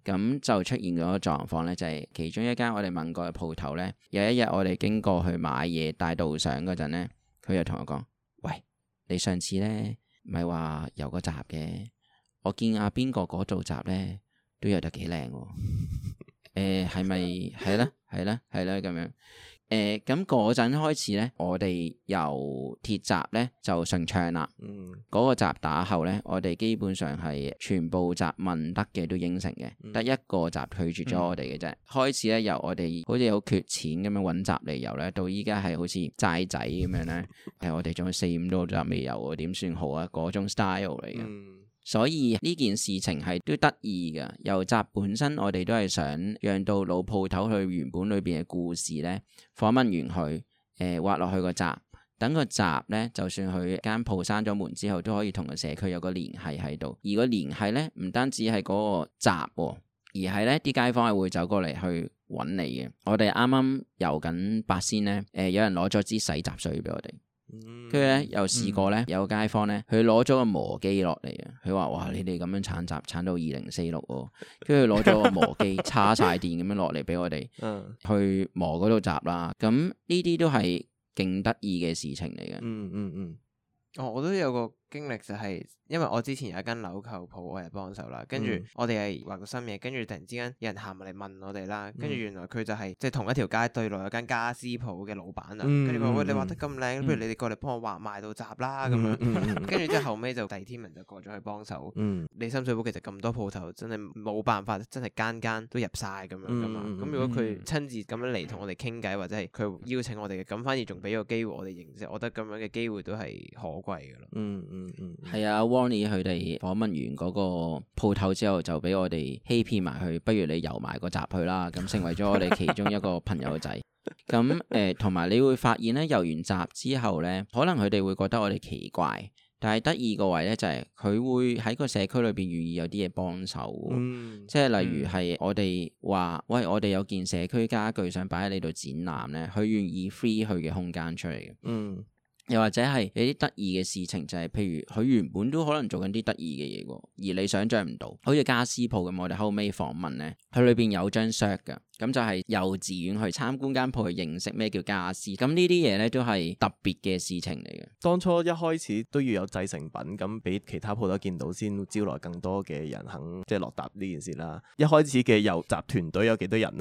咁、嗯、就出現咗個狀況呢就係、是、其中一間我哋問過嘅鋪頭呢，有一日我哋經過去買嘢大道上嗰陣呢，佢又同我講，喂，你上次咧咪話有個閘嘅？我見阿邊個嗰度閘呢都有得幾靚。誒、 (laughs) 呃，係咪？係 (laughs) 啦，係啦，係啦，咁樣。誒，咁嗰陣開始咧，我哋由鐵閘咧就順暢啦。嗰、嗯、個閘打後咧，我哋基本上係全部閘問得嘅都應承嘅，得一個閘拒絕咗我哋嘅啫。開始咧，由我哋好似好缺錢咁樣揾閘嚟油咧，到依家係好似債仔咁樣咧，係、嗯、我哋仲有四五多閘未油，我點算好啊？嗰種 style 嚟嘅。嗯所以呢件事情係都得意嘅，油閘本身我哋都係想讓到老鋪頭去原本裏邊嘅故事呢，訪問完佢，誒、呃、挖落去個閘，等個閘呢，就算佢間鋪閂咗門之後，都可以同個社區有個聯繫喺度。而個聯繫呢，唔單止係嗰個閘喎，而係呢啲街坊係會走過嚟去揾你嘅。我哋啱啱油緊八仙呢，誒、呃、有人攞咗支洗閘水俾我哋。跟住咧，又試過咧，有個街坊咧，佢攞咗個磨機落嚟啊！佢話，哇，你哋咁樣鏟閘，鏟到二零四六喎，跟住攞咗個磨機， (laughs) 叉晒電咁樣落嚟俾我哋，嗯、去磨嗰度閘啦。咁呢啲都係勁得意嘅事情嚟嘅、嗯。嗯嗯嗯，哦，我都有個。經歷就係，因為我之前有一間樓購鋪，我係幫手啦。跟住我哋係畫個新嘢，跟住突然之間有人行埋嚟問我哋啦。跟住原來佢就係即係同一條街對落有間家私鋪嘅老闆啊。跟住佢話，喂，你畫得咁靚，不如你哋過嚟幫我畫埋道閘啦咁樣。跟住之後後尾就第二啲人就過咗去幫手。你深水埗其實咁多鋪頭，真係冇辦法，真係間間都入晒。咁樣噶嘛。咁如果佢親自咁樣嚟同我哋傾偈，或者係佢邀請我哋嘅，咁反而仲俾個機會我哋認識。我覺得咁樣嘅機會都係可貴噶咯。嗯，係啊，Ronney a 佢哋訪問完嗰個鋪頭之後，就俾我哋欺騙埋去，不如你游埋個閘去啦，咁成為咗我哋其中一個朋友仔。咁誒， (laughs) 同、呃、埋你會發現呢，游完閘之後呢，可能佢哋會覺得我哋奇怪，但係得意個位呢，就係、是、佢會喺個社區裏邊願意有啲嘢幫手，mm hmm. 即係例如係我哋話喂，我哋有件社區家具想擺喺你度展覽呢，佢願意 free 佢嘅空間出嚟。嗯、mm。Hmm. 又或者係有啲得意嘅事情，就係、是、譬如佢原本都可能做緊啲得意嘅嘢喎，而你想像唔到，好似家私鋪咁，我哋後尾訪問咧，佢裏邊有張相㗎。咁就係幼稚園去參觀間鋪，去認識咩叫家私。咁呢啲嘢呢，都係特別嘅事情嚟嘅。當初一開始都要有製成品，咁俾其他鋪頭見到先，招來更多嘅人肯即係落搭呢件事啦。一開始嘅遊集團隊有幾多人？ (laughs)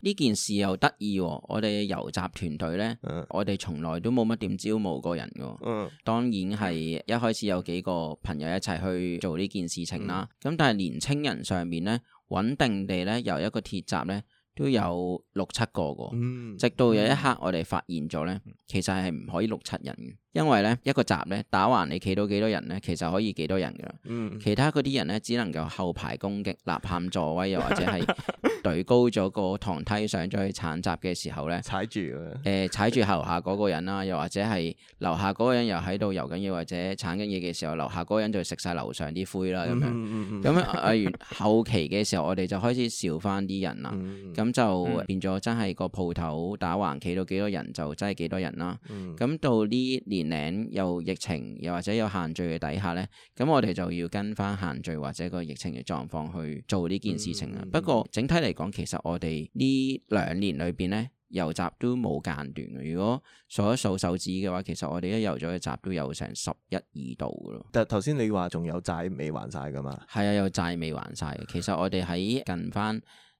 呢件事又得意喎，我哋遊集團隊呢，嗯、我哋從來都冇乜點招募過人嘅。嗯，當然係一開始有幾個朋友一齊去做呢件事情啦。咁、嗯嗯、但係年青人上面呢，穩定地呢，由一個鐵閘呢。都有六七個㗎，嗯、直到有一刻我哋發現咗呢，嗯、其實係唔可以六七人，因為呢一個閘呢，打橫你企到幾多人呢，其實可以幾多人㗎，嗯、其他嗰啲人呢，只能夠後排攻擊、立喊座位又或者係。 (laughs) 抬高咗個堂梯上咗去鏟閘嘅時候咧、啊呃，踩住誒踩住樓下嗰個人啦，又或者係樓下嗰個人又喺度油緊嘢或者鏟緊嘢嘅時候，樓下嗰個人就食晒樓上啲灰啦咁，嗯嗯嗯，樣。咁例如後期嘅時候， (laughs) 我哋就開始少翻啲人啦，咁，嗯嗯，就變咗真係個鋪頭打橫企到幾多人就真係幾多人啦。咁，嗯，到呢年齡又疫情又或者有限聚嘅底下咧，咁我哋就要跟翻限聚或者個疫情嘅狀況去做呢件事情啦。嗯嗯嗯，不過整體嚟講，其實我哋呢兩年裏邊呢，遊集都冇間斷。如果數一數手指嘅話，其實我哋一遊咗一集都有成十一二度咯。但係頭先你話仲有債未還晒噶嘛？係啊，有債未還晒。其實我哋喺近翻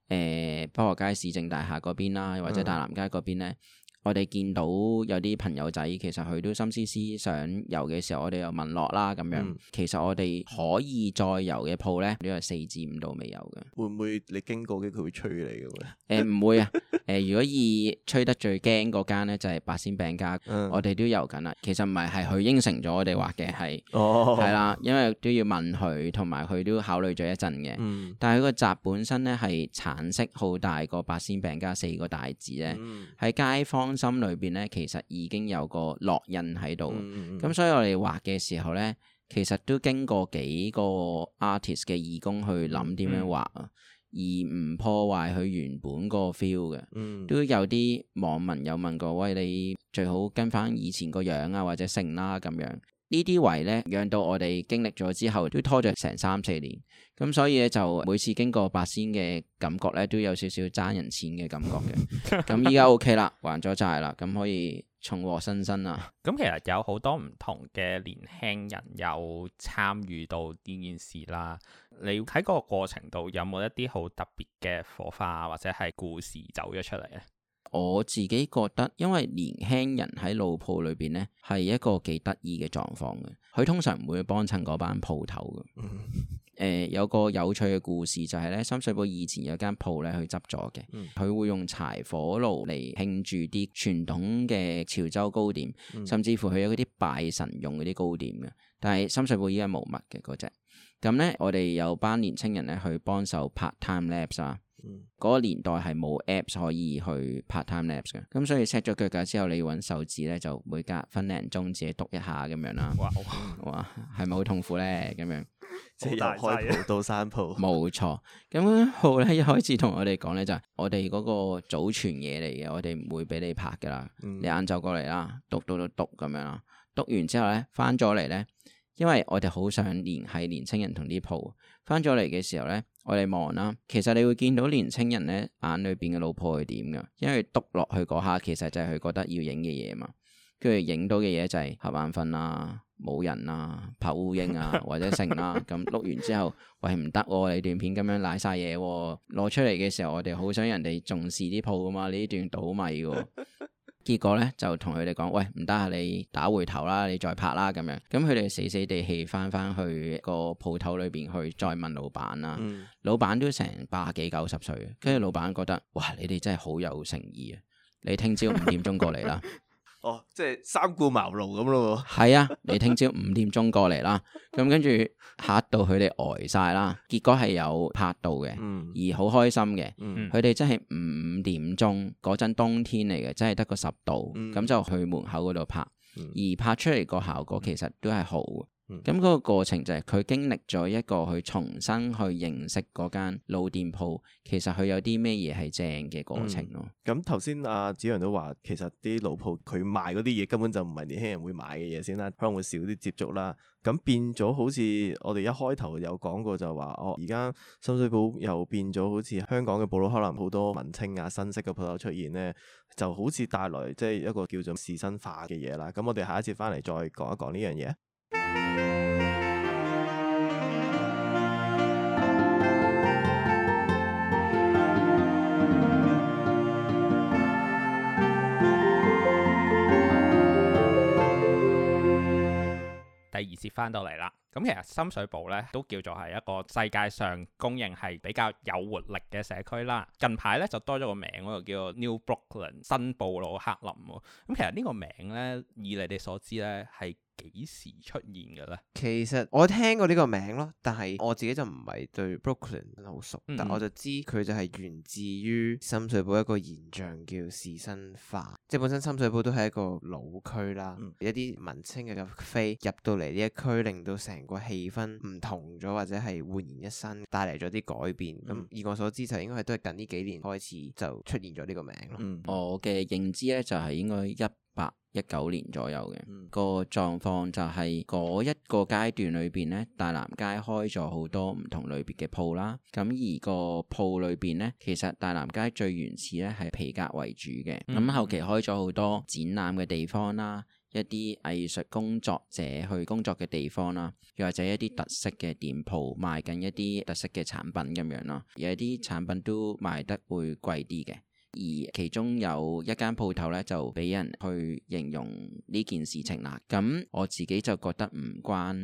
誒北河街市政大廈嗰邊啦，或者大南街嗰邊呢。嗯我哋見到有啲朋友仔其實佢都心思思想油嘅時候，我哋又問落啦咁樣。嗯、其實我哋可以再油嘅鋪呢，都、這個四至五度未有嘅。會唔會你經過嘅佢會吹你嘅？誒 (laughs) 唔、呃、會啊！誒、呃、如果以吹得最驚嗰間呢就係八仙餅家，嗯、我哋都油緊啦。其實唔係係佢應承咗我哋話嘅係，係啦、哦，因為都要問佢，同埋佢都考慮咗一陣嘅。嗯、但係佢個閘本身呢，係橙色，好大個八仙餅家四個大字呢。喺、嗯、街坊。心裏邊咧，其實已經有個烙印喺度，咁、嗯嗯、所以我哋畫嘅時候咧，其實都經過幾個 artist 嘅義工去諗點樣畫啊，嗯、而唔破壞佢原本個 feel 嘅，嗯、都有啲網民有問過，喂，你最好跟翻以前個樣啊，或者成啦咁樣。呢啲圍咧，養到我哋經歷咗之後，都拖咗成三四年，咁所以咧就每次經過八仙嘅感覺咧，都有少少爭人錢嘅感覺嘅。咁依家 OK 啦，還咗債啦，咁可以重獲新生啦。咁其實有好多唔同嘅年輕人有參與到呢件事啦。你喺個過程度有冇一啲好特別嘅火花或者係故事走咗出嚟咧？我自己覺得，因為年輕人喺老鋪裏邊呢，係一個幾得意嘅狀況嘅。佢通常唔會幫襯嗰班鋪頭嘅。誒、 (laughs) 呃，有個有趣嘅故事就係、是、呢深水埗以前有間鋪呢，佢執咗嘅，佢會用柴火爐嚟慶祝啲傳統嘅潮州糕點， (laughs) 甚至乎佢有啲拜神用嗰啲糕點嘅。但係深水埗依家冇乜嘅嗰隻咁呢，我哋有班年青人呢，去幫手拍 time lapse 啊。嗰個年代係冇 apps 可以去拍 time lapse 嘅，咁所以 set 咗腳架之後，你要揾手指咧，就每隔分零鐘自己篤一下咁樣啦。哇，係咪好痛苦咧？咁樣即係 (laughs) 由開鋪到閂鋪， (laughs) 冇錯。咁鋪咧一開始同我哋講咧，就係、是、我哋嗰個祖傳嘢嚟嘅，我哋唔會俾你拍噶啦。嗯、你晏晝過嚟啦，篤都都篤篤篤咁樣啦，篤完之後咧翻咗嚟咧。因為我哋好想連繫年青人同啲鋪，返咗嚟嘅時候呢，我哋忙啦。其實你會見到年青人呢，眼裏邊嘅老鋪係點㗎，因為篤落去嗰下其實就係佢覺得要影嘅嘢嘛。跟住影到嘅嘢就係合眼瞓啦、啊、冇人啦、啊、拍烏蠅啊或者剩啦。咁碌、 (laughs) 嗯、完之後，喂唔得喎，你段片咁樣舐晒嘢喎。攞出嚟嘅時候，我哋好想人哋重視啲鋪噶嘛，呢段倒米喎、啊。結果咧就同佢哋講：喂，唔得啊！你打回頭啦，你再拍啦咁樣。咁佢哋死死地氣返返去個鋪頭裏邊去再問老闆啦。嗯、老闆都成八幾九十歲，跟住老闆覺得：哇！你哋真係好有誠意啊！你聽朝五點鐘過嚟啦。 (laughs) 哦，即係三顧茅廬咁咯喎。係 (laughs) 啊，你聽朝五點鐘過嚟啦，咁跟住嚇到佢哋呆晒啦，結果係有拍到嘅，嗯、而好開心嘅。佢哋、嗯、真係五點鐘嗰陣冬天嚟嘅，真係得個十度，咁就、嗯、去門口嗰度拍，嗯、而拍出嚟個效果其實都係好。嗯嗯咁嗰、嗯、個過程就係佢經歷咗一個去重新去認識嗰間老店鋪，其實佢有啲咩嘢係正嘅過程咯。咁頭先阿子揚都話，其實啲老鋪佢賣嗰啲嘢根本就唔係年輕人會買嘅嘢先啦，可能會少啲接觸啦。咁變咗好似我哋一開頭有講過就話，哦而家深水埗又變咗好似香港嘅布魯克林，好多文青啊、新式嘅鋪頭出現咧，就好似帶來即係一個叫做仕紳化嘅嘢啦。咁我哋下一次翻嚟再講一講呢樣嘢。第二節翻到嚟啦，咁其實深水埗咧都叫做係一個世界上公認係比較有活力嘅社區啦。近排咧就多咗個名，喎，叫做 New Brooklyn 新布魯克林。咁其實呢個名咧，以你哋所知咧係。幾時出現嘅咧？其實我聽過呢個名咯，但係我自己就唔係對 Brooklyn、ok、好熟，嗯、但我就知佢就係源自於深水埗一個現象叫仕紳化，即係本身深水埗都係一個老區啦，嗯、一啲文青嘅咖啡入到嚟呢一區，令到成個氣氛唔同咗，或者係煥然一新，帶嚟咗啲改變。咁以、嗯、我所知就應該都係近呢幾年開始就出現咗呢個名咯、嗯。我嘅認知咧就係應該一。八一九年左右嘅個、嗯、狀況就係、是、嗰一個階段裏邊呢，大南街開咗好多唔同類別嘅鋪啦。咁而那個鋪裏邊呢，其實大南街最原始呢係皮革為主嘅。咁後期開咗好多展覽嘅地方啦，一啲藝術工作者去工作嘅地方啦，又或者一啲特色嘅店鋪賣緊一啲特色嘅產品咁樣咯，而一啲產品都賣得會貴啲嘅。而其中有一間鋪頭咧，就俾人去形容呢件事情啦。咁我自己就覺得唔關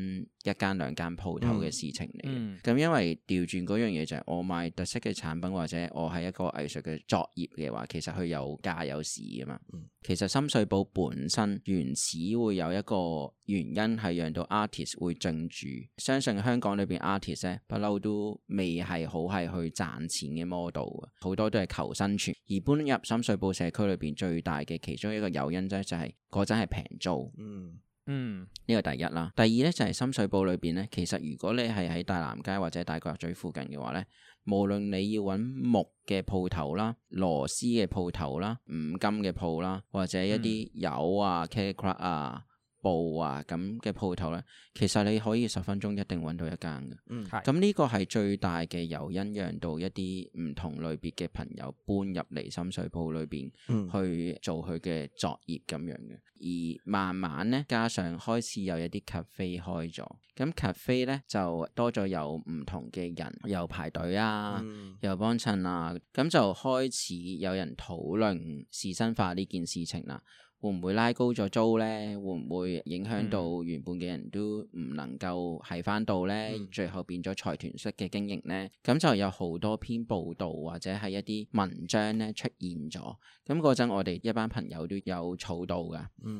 一間兩間鋪頭嘅事情嚟嘅。咁、嗯嗯、因為調轉嗰樣嘢就係、是、我賣特色嘅產品或者我係一個藝術嘅作業嘅話，其實佢有價有市啊嘛。嗯、其實深水埗本身原始會有一個。原因係讓到 artist 會進駐，相信香港裏邊 artist 咧，不嬲都未係好係去賺錢嘅 model 好多都係求生存。而搬入深水埗社區裏邊最大嘅其中一個誘因、就是，真就係嗰真嗰陣係平租，嗯嗯，呢、嗯、個第一啦。第二咧就係深水埗裏邊咧，其實如果你係喺大南街或者大角咀附近嘅話咧，無論你要揾木嘅鋪頭啦、螺絲嘅鋪頭啦、五金嘅鋪啦，或者一啲油啊、嗯、care club 啊。布啊，咁嘅鋪頭呢，其實你可以十分鐘一定揾到一間嘅。嗯，咁呢個係最大嘅誘因，讓到一啲唔同類別嘅朋友搬入嚟深水埗裏邊去做佢嘅作業咁樣嘅。嗯、而慢慢呢，加上開始有一啲 cafe 開咗，咁 cafe 呢就多咗有唔同嘅人，又排隊啊，嗯、又幫襯啊，咁就開始有人討論仕紳化呢件事情啦。會唔會拉高咗租呢？會唔會影響到原本嘅人都唔能夠喺翻到呢？嗯、最後變咗財團式嘅經營呢？咁就有好多篇報道或者係一啲文章咧出現咗。咁嗰陣我哋一班朋友都有吵到噶。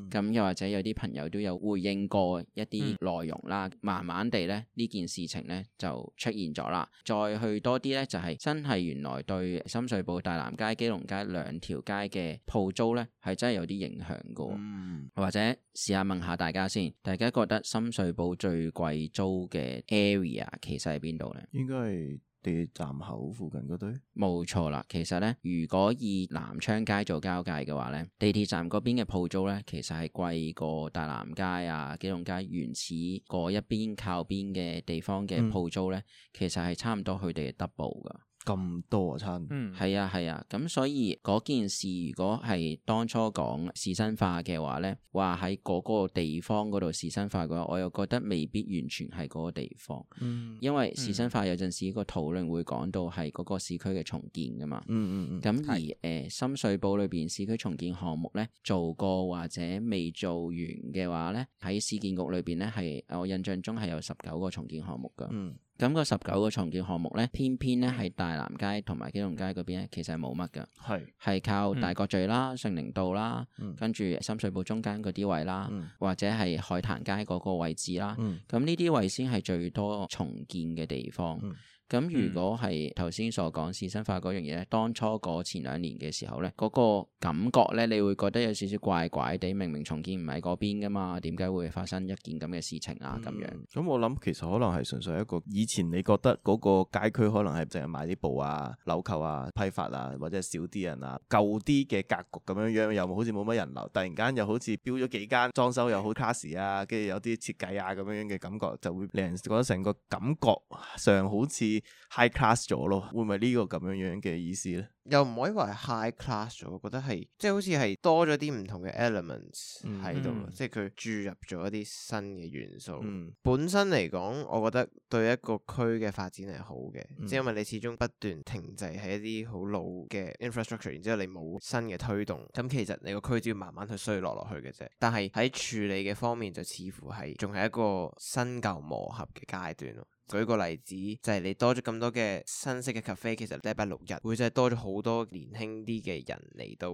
咁、嗯、又或者有啲朋友都有回應過一啲內容啦。嗯、慢慢地咧呢件事情咧就出現咗啦。再去多啲咧就係、是、真係原來對深水埗、大南街、基隆街兩條街嘅鋪租咧係真係有啲影響。強、嗯、或者試下問下大家先，大家覺得深水埗最貴租嘅 area 其實喺邊度呢？應該係地鐵站口附近嗰堆。冇錯啦，其實呢，如果以南昌街做交界嘅話呢，地鐵站嗰邊嘅鋪租呢，其實係貴過大南街啊、基隆街原始嗰一邊靠邊嘅地方嘅鋪租呢，嗯、其實係差唔多佢哋嘅 double 噶。咁多、嗯、啊，真。嗯，係啊，係啊。咁所以嗰件事，如果係當初講仕紳化嘅話呢話喺嗰個地方嗰度仕紳化嘅話，我又覺得未必完全係嗰個地方。嗯。因為仕紳化有陣時個討論會講到係嗰個市區嘅重建㗎嘛。嗯嗯嗯。咁、嗯嗯、而誒是、呃、深水埗裏邊市區重建項目呢，做過或者未做完嘅話呢喺市建局裏邊呢，係我印象中係有十九個重建項目㗎。嗯。咁個十九個重建項目咧，偏偏咧係大南街同埋基隆街嗰邊咧，其實係冇乜㗎，係是靠大角咀啦、嗯、順寧道啦，嗯、跟住深水埗中間嗰啲位啦，嗯、或者係海壇街嗰個位置啦。咁呢啲位先係最多重建嘅地方。嗯咁如果係頭先所講仕紳化嗰樣嘢咧，當初嗰前兩年嘅時候咧，嗰、嗰個感覺咧，你會覺得有少少怪怪地，明明重建唔喺嗰邊噶嘛，點解會發生一件咁嘅事情啊咁樣？咁、嗯、我諗其實可能係純粹一個以前你覺得嗰個街區可能係淨係買啲布啊、鈕扣啊、批發啊，或者少啲人啊、舊啲嘅格局咁樣樣，又好似冇乜人流，突然間又好似標咗幾間裝修又好 classy 啊，跟住有啲設計啊咁樣樣嘅感覺，就會令人覺得成個感覺上好似～high class 咗咯，會唔會呢個咁樣樣嘅意思咧？又唔可以話係 high class 咗，我覺得係即係好似係多咗啲唔同嘅 elements 喺度，即係佢、嗯、注入咗一啲新嘅元素。嗯、本身嚟講，我覺得對一個區嘅發展係好嘅，嗯、即係因為你始終不斷停滯喺一啲好老嘅 infrastructure，然之後你冇新嘅推動，咁其實你個區只要慢慢去衰落落去嘅啫。但係喺處理嘅方面，就似乎係仲係一個新舊磨合嘅階段咯。舉個例子就係、是、你多咗咁多嘅新式嘅 cafe，其實禮拜六日，會真係多咗好。好多年輕啲嘅人嚟到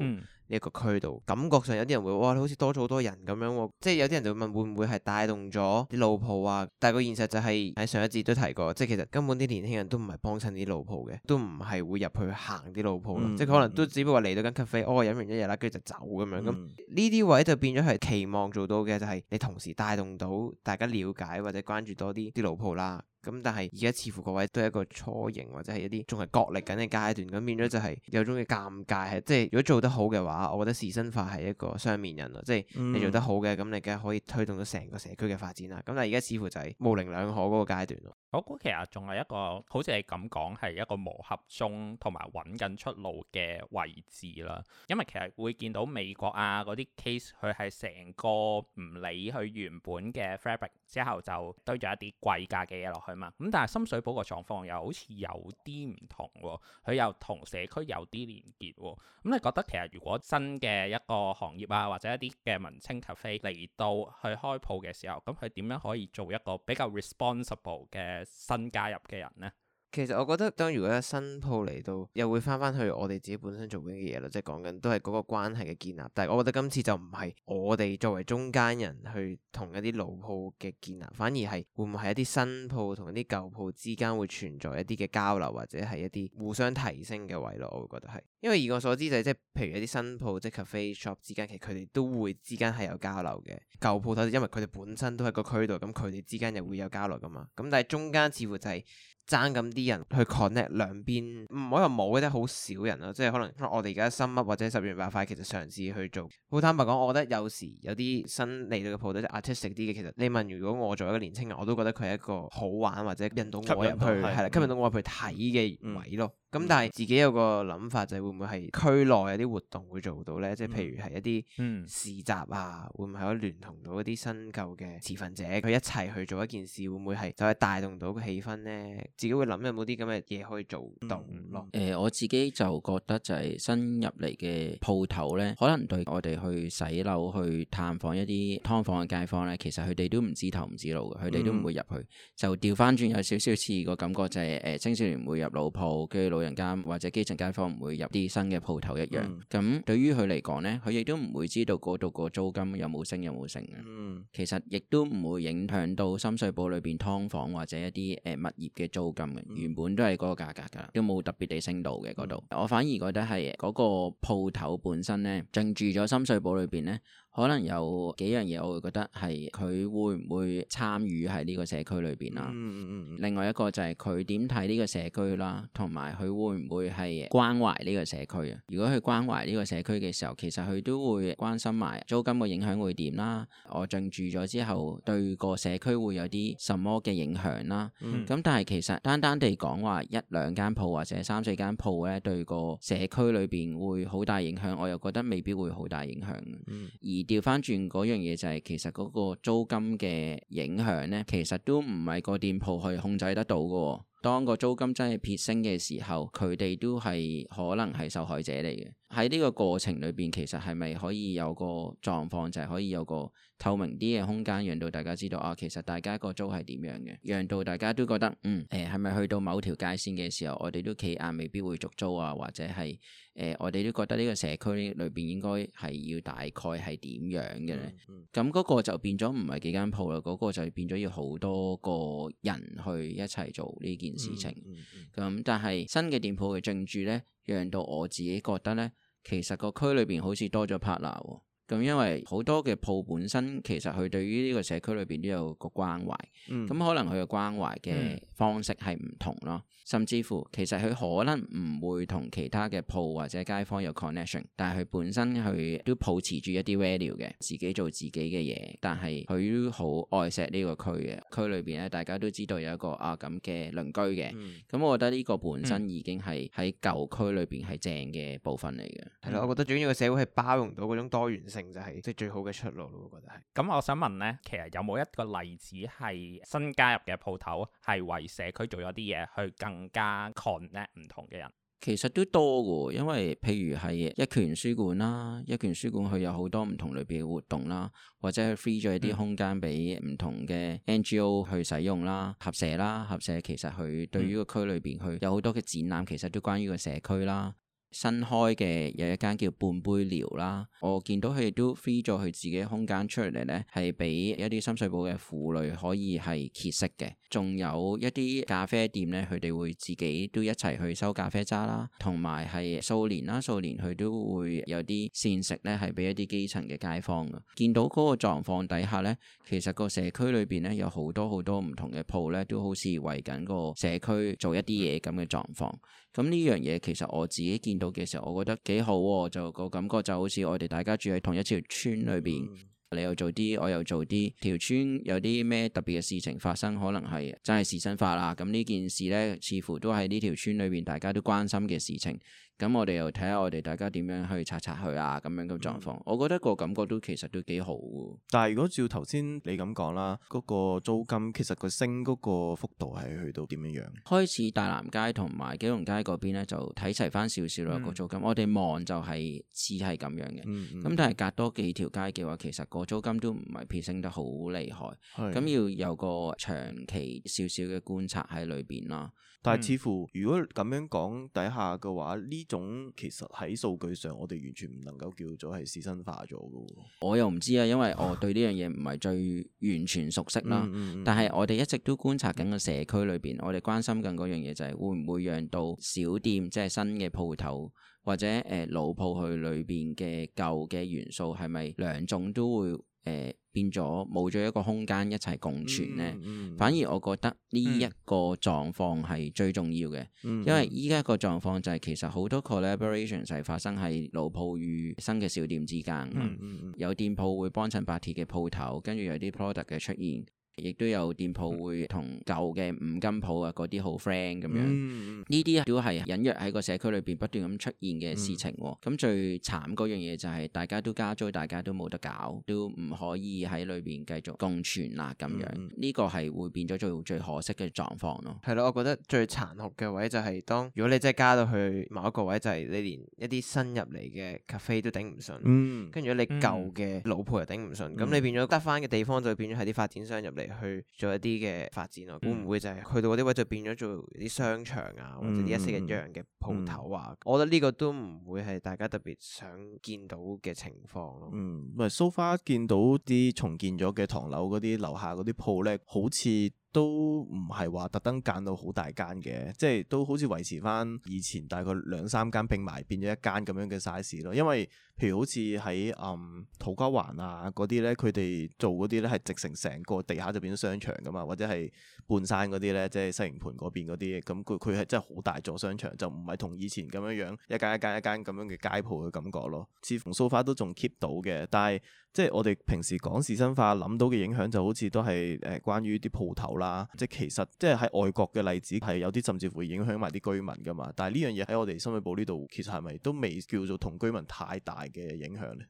呢一個區度，嗯、感覺上有啲人會哇，你好似多咗好多人咁樣、哦，即係有啲人就問會唔會係帶動咗啲老鋪啊？但係個現實就係喺上一節都提過，即係其實根本啲年輕人都唔係幫襯啲老鋪嘅，都唔係會入去行啲老鋪，嗯、即係可能都只不過嚟到間咖啡，嗯、哦飲完一日啦，跟住就走咁樣。咁呢啲位就變咗係期望做到嘅，就係、是、你同時帶動到大家了解或者關注多啲啲老鋪啦。咁但係而家似乎各位都係一個雛形，或者係一啲仲係角力緊嘅階段，咁變咗就係有種嘅尷尬，係即係如果做得好嘅話，我覺得仕紳化係一個雙面人咯，即係你做得好嘅，咁、嗯、你梗係可以推動到成個社區嘅發展啦。咁但係而家似乎就係模棱兩可嗰個階段咯。我估其實仲係一個好似係咁講，係一個磨合中同埋揾緊出路嘅位置啦，因為其實會見到美國啊嗰啲 case，佢係成個唔理佢原本嘅 fabric 之後就堆咗一啲貴價嘅嘢落去。嘛，咁但係深水埗個狀況又好似有啲唔同喎、哦，佢又同社區有啲連結喎、哦。咁、嗯、你覺得其實如果真嘅一個行業啊，或者一啲嘅文青咖啡嚟到去開鋪嘅時候，咁佢點樣可以做一個比較 responsible 嘅新加入嘅人呢？其實我覺得，當如果新鋪嚟到，又會翻翻去我哋自己本身做緊嘅嘢咯，即係講緊都係嗰個關係嘅建立。但係我覺得今次就唔係我哋作為中間人去同一啲老鋪嘅建立，反而係會唔會係一啲新鋪同一啲舊鋪之間會存在一啲嘅交流，或者係一啲互相提升嘅位咯？我會覺得係，因為以我所知就係、是，即係譬如一啲新鋪即係 cafe shop 之間，其實佢哋都會之間係有交流嘅。舊鋪頭因為佢哋本身都喺個區度，咁佢哋之間又會有交流噶嘛。咁但係中間似乎就係、是。爭咁啲人去 connect 兩邊，唔我又冇啲好少人咯，即係可能我哋而家深噏或者拾源百塊，其實嘗試去做。好坦白講，我覺得有時有啲新嚟到嘅鋪頭，即係 artistic 啲嘅，其實你問如果我做一個年青人，我都覺得佢係一個好玩或者引到我入去，係啦，吸引到我入去睇嘅對位咯。嗯。咁、嗯、但係自己有個諗法就係會唔會係區內有啲活動會做到呢？即係譬如係一啲市集啊，會唔會可以聯同到一啲新舊嘅持份者，佢一齊去做一件事，會唔會係就係帶動到個氣氛呢？自己會諗有冇啲咁嘅嘢可以做到咯。誒、嗯呃，我自己就覺得就係新入嚟嘅鋪頭呢，可能對我哋去洗樓去探訪一啲劏房嘅街坊呢，其實佢哋都唔知頭唔知路嘅，佢哋都唔會入去。就調翻轉有少少似個感覺就係青少年唔會入老鋪老人家或者基層街坊唔會入啲新嘅鋪頭一樣，咁對於佢嚟講呢，佢亦都唔會知道嗰度個租金有冇升，有冇升嘅。其實亦都唔會影響到深水埗裏邊劏房或者一啲物業嘅租金，原本都係嗰個價格㗎，都冇特別地升到嘅嗰度。我反而覺得係嗰、嗰個鋪頭本身呢，進駐咗深水埗裏邊呢。可能有幾樣嘢，我會覺得係佢會唔會參與喺呢個社區裏邊啦。嗯嗯嗯。另外一個就係佢點睇呢個社區啦，同埋佢會唔會係關懷呢個社區啊？如果佢關懷呢個社區嘅時候，其實佢都會關心埋租金嘅影響會點啦。我進住咗之後，對個社區會有啲什麼嘅影響啦？嗯。咁但係其實單單地講話一兩間鋪或者三四間鋪咧，對個社區裏邊會好大影響，我又覺得未必會好大影響。嗯。而調返轉嗰樣嘢就係、係、其實嗰個租金嘅影響咧，其實都唔係個店鋪去控制得到㗎、哦。當個租金真係飆升嘅時候，佢哋都係可能係受害者嚟嘅。喺呢個過程裏邊，其實係咪可以有個狀況，就係、是、可以有個透明啲嘅空間，讓到大家知道啊，其實大家個租係點樣嘅，讓到大家都覺得，嗯，誒係咪去到某條界線嘅時候，我哋都企硬未必會續租啊，或者係誒、欸，我哋都覺得呢個社區裏邊應該係要大概係點樣嘅咧？咁嗰、mm hmm. 個就變咗唔係幾間鋪啦，嗰、那個就變咗要好多個人去一齊做呢件事情。咁、mm hmm. 嗯、但係新嘅店鋪嘅進駐咧。讓到我自己覺得呢，其實個區裏邊好似多咗 partner 喎。咁因為好多嘅鋪本身其實佢對於呢個社區裏邊都有個關懷，咁、嗯、可能佢嘅關懷嘅方式係唔同咯。甚至乎，其實佢可能唔會同其他嘅鋪或者街坊有 connection，但係佢本身佢都抱持住一啲 value 嘅，自己做自己嘅嘢。但係佢都好愛錫呢個區嘅，區裏邊咧大家都知道有一個啊咁嘅鄰居嘅。咁、嗯、我覺得呢個本身已經係喺舊區裏邊係正嘅部分嚟嘅。係咯、嗯，我覺得最緊要個社會係包容到嗰種多元性就係即係最好嘅出路咯。我覺得係。咁我想問咧，其實有冇一個例子係新加入嘅鋪頭係為社區做咗啲嘢去更更加 connect 唔同嘅人，其實都多嘅，因為譬如係一拳書館啦，一拳書館佢有好多唔同類別嘅活動啦，或者佢 free 咗一啲空間俾唔同嘅 NGO 去使用啦，合社啦，合社其實佢對於個區裏邊佢有好多嘅展覽，其實都關於個社區啦。新開嘅有一間叫半杯寮啦，我見到佢哋都 free 咗佢自己空間出嚟呢，係俾一啲深水埗嘅婦女可以係揭識嘅。仲有一啲咖啡店呢，佢哋會自己都一齊去收咖啡渣啦，同埋係數年啦，數年佢都會有啲膳食呢，係俾一啲基層嘅街坊。見到嗰個狀況底下呢，其實個社區裏邊呢，有好多好多唔同嘅鋪呢都好似為緊個社區做一啲嘢咁嘅狀況。咁呢樣嘢其實我自己見。到嘅時候，我覺得幾好喎、啊，就個感覺就好似我哋大家住喺同一條村裏邊，嗯、你又做啲，我又做啲，條村有啲咩特別嘅事情發生，可能係真係仕紳化啦。咁、嗯、呢件事呢，似乎都係呢條村裏邊大家都關心嘅事情。咁我哋又睇下我哋大家點樣去擦擦佢啊，咁樣嘅狀況，嗯、我覺得個感覺都其實都幾好嘅。但係如果照頭先你咁講啦，嗰、嗰個租金其實佢升嗰個幅度係去到點樣樣？開始大南街同埋基隆街嗰邊咧就睇齊翻少少啦個租金，嗯、我哋望就係似係咁樣嘅。咁、嗯嗯、但係隔多幾條街嘅話，其實個租金都唔係飆升得好厲害。咁的要有個長期少少嘅觀察喺裏邊啦。但係似乎如果咁樣講底下嘅話，呢、嗯、種其實喺數據上，我哋完全唔能夠叫做係仕紳化咗嘅。我又唔知啊，因為我對呢樣嘢唔係最完全熟悉啦。嗯嗯嗯、但係我哋一直都觀察緊個社區裏邊，我哋關心緊嗰樣嘢就係會唔會讓到小店即係新嘅鋪頭或者誒、呃、老鋪去裏邊嘅舊嘅元素係咪兩種都會？誒、呃，變咗冇咗一個空間一齊共存咧，嗯嗯嗯、反而我覺得呢一個狀況係最重要嘅，嗯嗯、因為依家個狀況就係其實好多 collaboration 就係發生喺老鋪與新嘅小店之間，嗯嗯嗯、有店鋪會幫襯白鐵嘅鋪頭，跟住有啲 product 嘅出現。亦都有店鋪會同舊嘅五金鋪啊，嗰啲好 friend 咁樣。呢啲都係隱約喺個社區裏邊不斷咁出現嘅事情，咁最慘嗰樣嘢就係大家都加租，大家都冇得搞，都唔可以喺裏邊繼續共存啦。咁樣呢個係會變咗最最可惜嘅狀況咯。係咯，我覺得最殘酷嘅位就係，當如果你真係加到去某一個位，就係你連一啲新入嚟嘅咖啡都頂唔順，跟住你舊嘅老鋪又頂唔順，咁你變咗得翻嘅地方就變咗係啲發展商入嚟。去做一啲嘅發展咯，嗯、會唔會就係去到嗰啲位就變咗做啲商場啊，或者一式一樣嘅鋪頭啊？嗯嗯、我覺得呢個都唔會係大家特別想見到嘅情況咯。嗯，唔係，so far 見到啲重建咗嘅唐樓嗰啲樓下嗰啲鋪咧，好似～都唔係話特登揀到好大間嘅，即係都好似維持翻以前大概兩三間並埋變咗一間咁樣嘅 size 咯。因為譬如好似喺嗯土瓜灣啊嗰啲咧，佢哋做嗰啲咧係直成成個地下就變咗商場噶嘛，或者係半山嗰啲咧，即係西營盤嗰邊嗰啲，咁佢佢係真係好大座商場，就唔係同以前咁樣樣一間一間一間咁樣嘅街鋪嘅感覺咯。似乎 so far 都仲 keep 到嘅，但係。即係我哋平時講仕紳化諗到嘅影響，就好似都係誒、呃、關於啲鋪頭啦。即係其實即係喺外國嘅例子係有啲甚至乎影響埋啲居民㗎嘛。但係呢樣嘢喺我哋深水埗呢度，其實係咪都未叫做同居民太大嘅影響咧？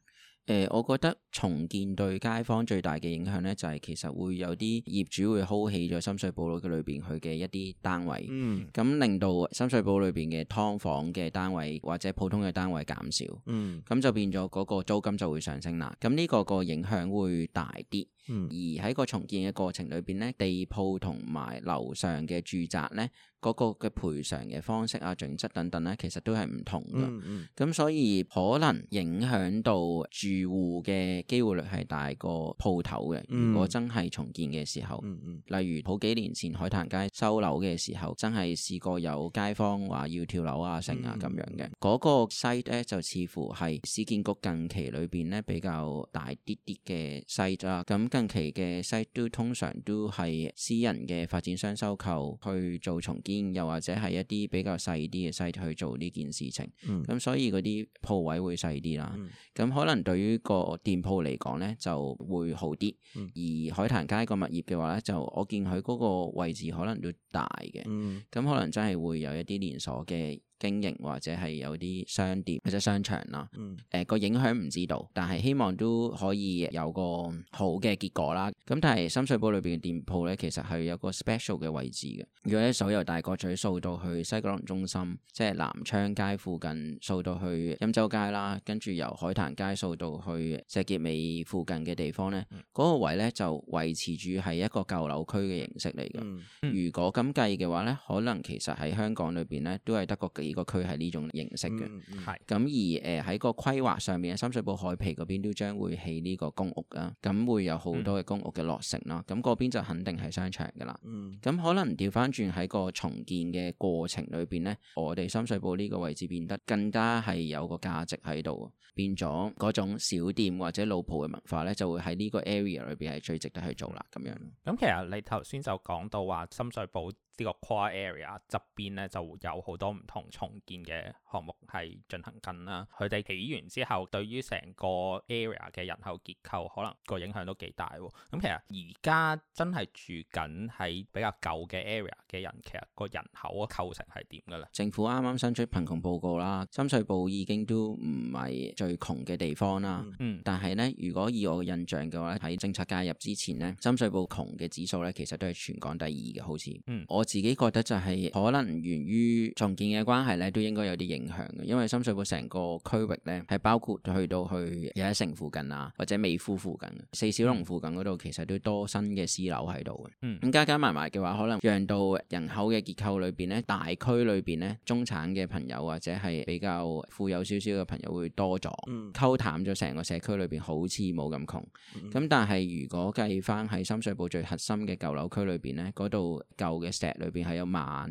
誒、呃，我覺得重建對街坊最大嘅影響咧，就係、是、其實會有啲業主會 hold 起咗深水埗裏邊佢嘅一啲單位，咁、嗯、令到深水埗裏邊嘅劏房嘅單位或者普通嘅單位減少，咁、嗯、就變咗嗰個租金就會上升啦。咁呢個個影響會大啲。而喺個重建嘅過程裏邊咧，地鋪同埋樓上嘅住宅咧，嗰個嘅賠償嘅方式啊、準則等等咧，其實都係唔同嘅。咁、嗯嗯、所以可能影響到住戶嘅機會率係大過鋪頭嘅。如果真係重建嘅時候，嗯嗯嗯、例如好幾年前海壇街收樓嘅時候，真係試過有街坊話要跳樓啊、成啊咁樣嘅。嗯嗯、個 site 咧就似乎係市建局近期裏邊咧比較大啲啲嘅 size 啦。咁近期嘅西都通常都係私人嘅發展商收購去做重建，又或者係一啲比較細啲嘅西去做呢件事情。咁、嗯、所以嗰啲鋪位會細啲啦。咁、嗯、可能對於個店鋪嚟講咧就會好啲。嗯、而海壇街個物業嘅話咧，就我見佢嗰個位置可能都大嘅。咁、嗯、可能真係會有一啲連鎖嘅。經營或者係有啲商店或者商場啦，誒、嗯呃、這個影響唔知道，但係希望都可以有個好嘅結果啦。咁但係深水埗裏邊嘅店鋪呢，其實係有個 special 嘅位置嘅。如果由大角咀掃到去西九龍中心，即係南昌街附近掃到去欽州街啦，跟住由海壇街掃到去石硤尾附近嘅地方呢，嗰、嗯、個位呢就維持住係一個舊樓區嘅形式嚟嘅。嗯、如果咁計嘅話呢，可能其實喺香港裏邊呢，都係得個幾。呢個區係呢種形式嘅，係咁、嗯嗯、而誒喺、呃、個規劃上面，深水埗海皮嗰邊都將會起呢個公屋啊，咁會有好多嘅公屋嘅落成啦，咁嗰邊就肯定係商場噶啦。咁、嗯、可能調返轉喺個重建嘅過程裏邊呢，我哋深水埗呢個位置變得更加係有個價值喺度，變咗嗰種小店或者老舖嘅文化呢，就會喺呢個 area 裏邊係最值得去做啦咁樣。咁其實你頭先就講到話深水埗。個 area，呢個 qua area 側邊咧就有好多唔同重建嘅項目係進行緊啦。佢哋起完之後，對於成個 area 嘅人口結構，可能個影響都幾大喎。咁、嗯、其實而家真係住緊喺比較舊嘅 area 嘅人，其實個人口嘅構成係點㗎啦？政府啱啱新出貧窮報告啦，深水埗已經都唔係最窮嘅地方啦、嗯。嗯，但係咧，如果以我嘅印象嘅話咧，喺政策介入之前咧，深水埗窮嘅指數咧，其實都係全港第二嘅，好似嗯，我。自己覺得就係可能源於重建嘅關係咧，都應該有啲影響嘅，因為深水埗成個區域咧，係包括去到去又一城附近啊，或者美孚附近，四小龍附近嗰度其實都多新嘅私樓喺度嘅。咁、嗯、加加埋埋嘅話，可能讓到人口嘅結構裏邊咧，大區裏邊咧，中產嘅朋友或者係比較富有少少嘅朋友會多咗，嗯、溝淡咗成個社區裏邊好似冇咁窮。咁、嗯、但係如果計返喺深水埗最核心嘅舊樓區裏邊咧，嗰度舊嘅石裏邊係有萬二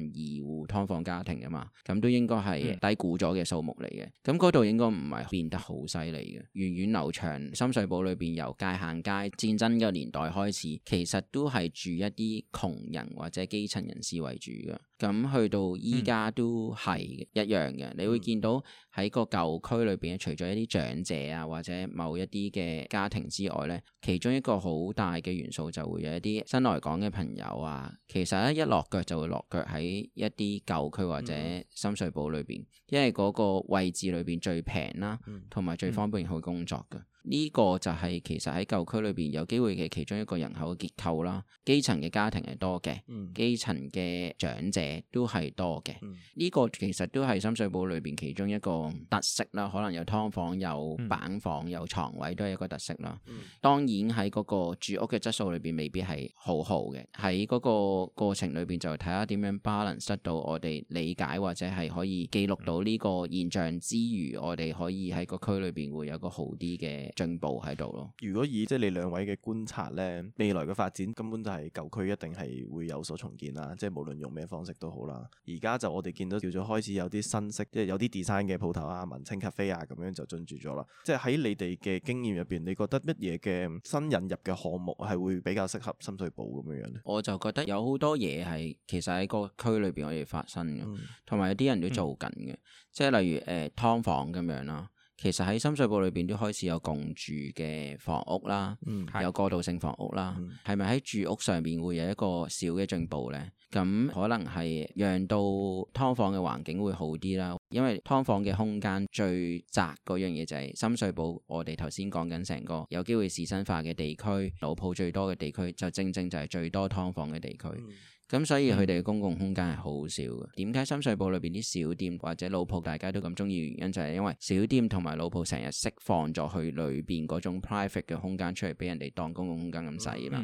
戶劏房家庭噶嘛，咁都應該係低估咗嘅數目嚟嘅。咁嗰度應該唔係變得好犀利嘅，源遠流長。深水埗裏邊由界限街戰爭嘅年代開始，其實都係住一啲窮人或者基層人士為主噶。咁去到依家都係一樣嘅，嗯、你會見到喺個舊區裏邊，除咗一啲長者啊，或者某一啲嘅家庭之外呢，其中一個好大嘅元素就會有一啲新來港嘅朋友啊。其實一落腳就會落腳喺一啲舊區或者深水埗裏邊，嗯、因為嗰個位置裏邊最平啦、啊，同埋、嗯、最方便去工作嘅。呢個就係其實喺舊區裏邊有機會嘅其中一個人口嘅結構啦，基層嘅家庭係多嘅，基層嘅長者都係多嘅。呢個其實都係深水埗裏邊其中一個特色啦，可能有劏房、有板房、有床位都係一個特色啦。當然喺嗰個住屋嘅質素裏邊未必係好好嘅，喺嗰個過程裏邊就睇下點樣 balance 得到我哋理解或者係可以記錄到呢個現象之餘，我哋可以喺個區裏邊會有個好啲嘅。進步喺度咯。如果以即係、就是、你兩位嘅觀察呢，未來嘅發展根本就係舊區一定係會有所重建啦。即係無論用咩方式都好啦。而家就我哋見到叫做開始有啲新式，即係有啲 design 嘅鋪頭啊、文青咖啡 f e 啊咁樣就進駐咗啦。即係喺你哋嘅經驗入邊，你覺得乜嘢嘅新引入嘅項目係會比較適合深水埗咁樣樣咧？我就覺得有好多嘢係其實喺個區裏邊我哋發生嘅，同埋、嗯、有啲人都做緊嘅。即係、嗯、例如誒湯、呃、房咁樣咯。其實喺深水埗裏邊都開始有共住嘅房屋啦，嗯、有過渡性房屋啦，係咪喺住屋上面會有一個小嘅進步呢？咁可能係讓到㓥房嘅環境會好啲啦，因為劏房嘅空間最窄嗰樣嘢就係深水埗，我哋頭先講緊成個有機會仕紳化嘅地區，老鋪最多嘅地區，就正正就係最多㓥房嘅地區。嗯咁所以佢哋嘅公共空間係好少嘅。點解深水埗裏邊啲小店或者老鋪大家都咁中意？原因就係因為小店同埋老鋪成日釋放咗去裏邊嗰種 private 嘅空間出嚟，俾人哋當公共空間咁使嘛。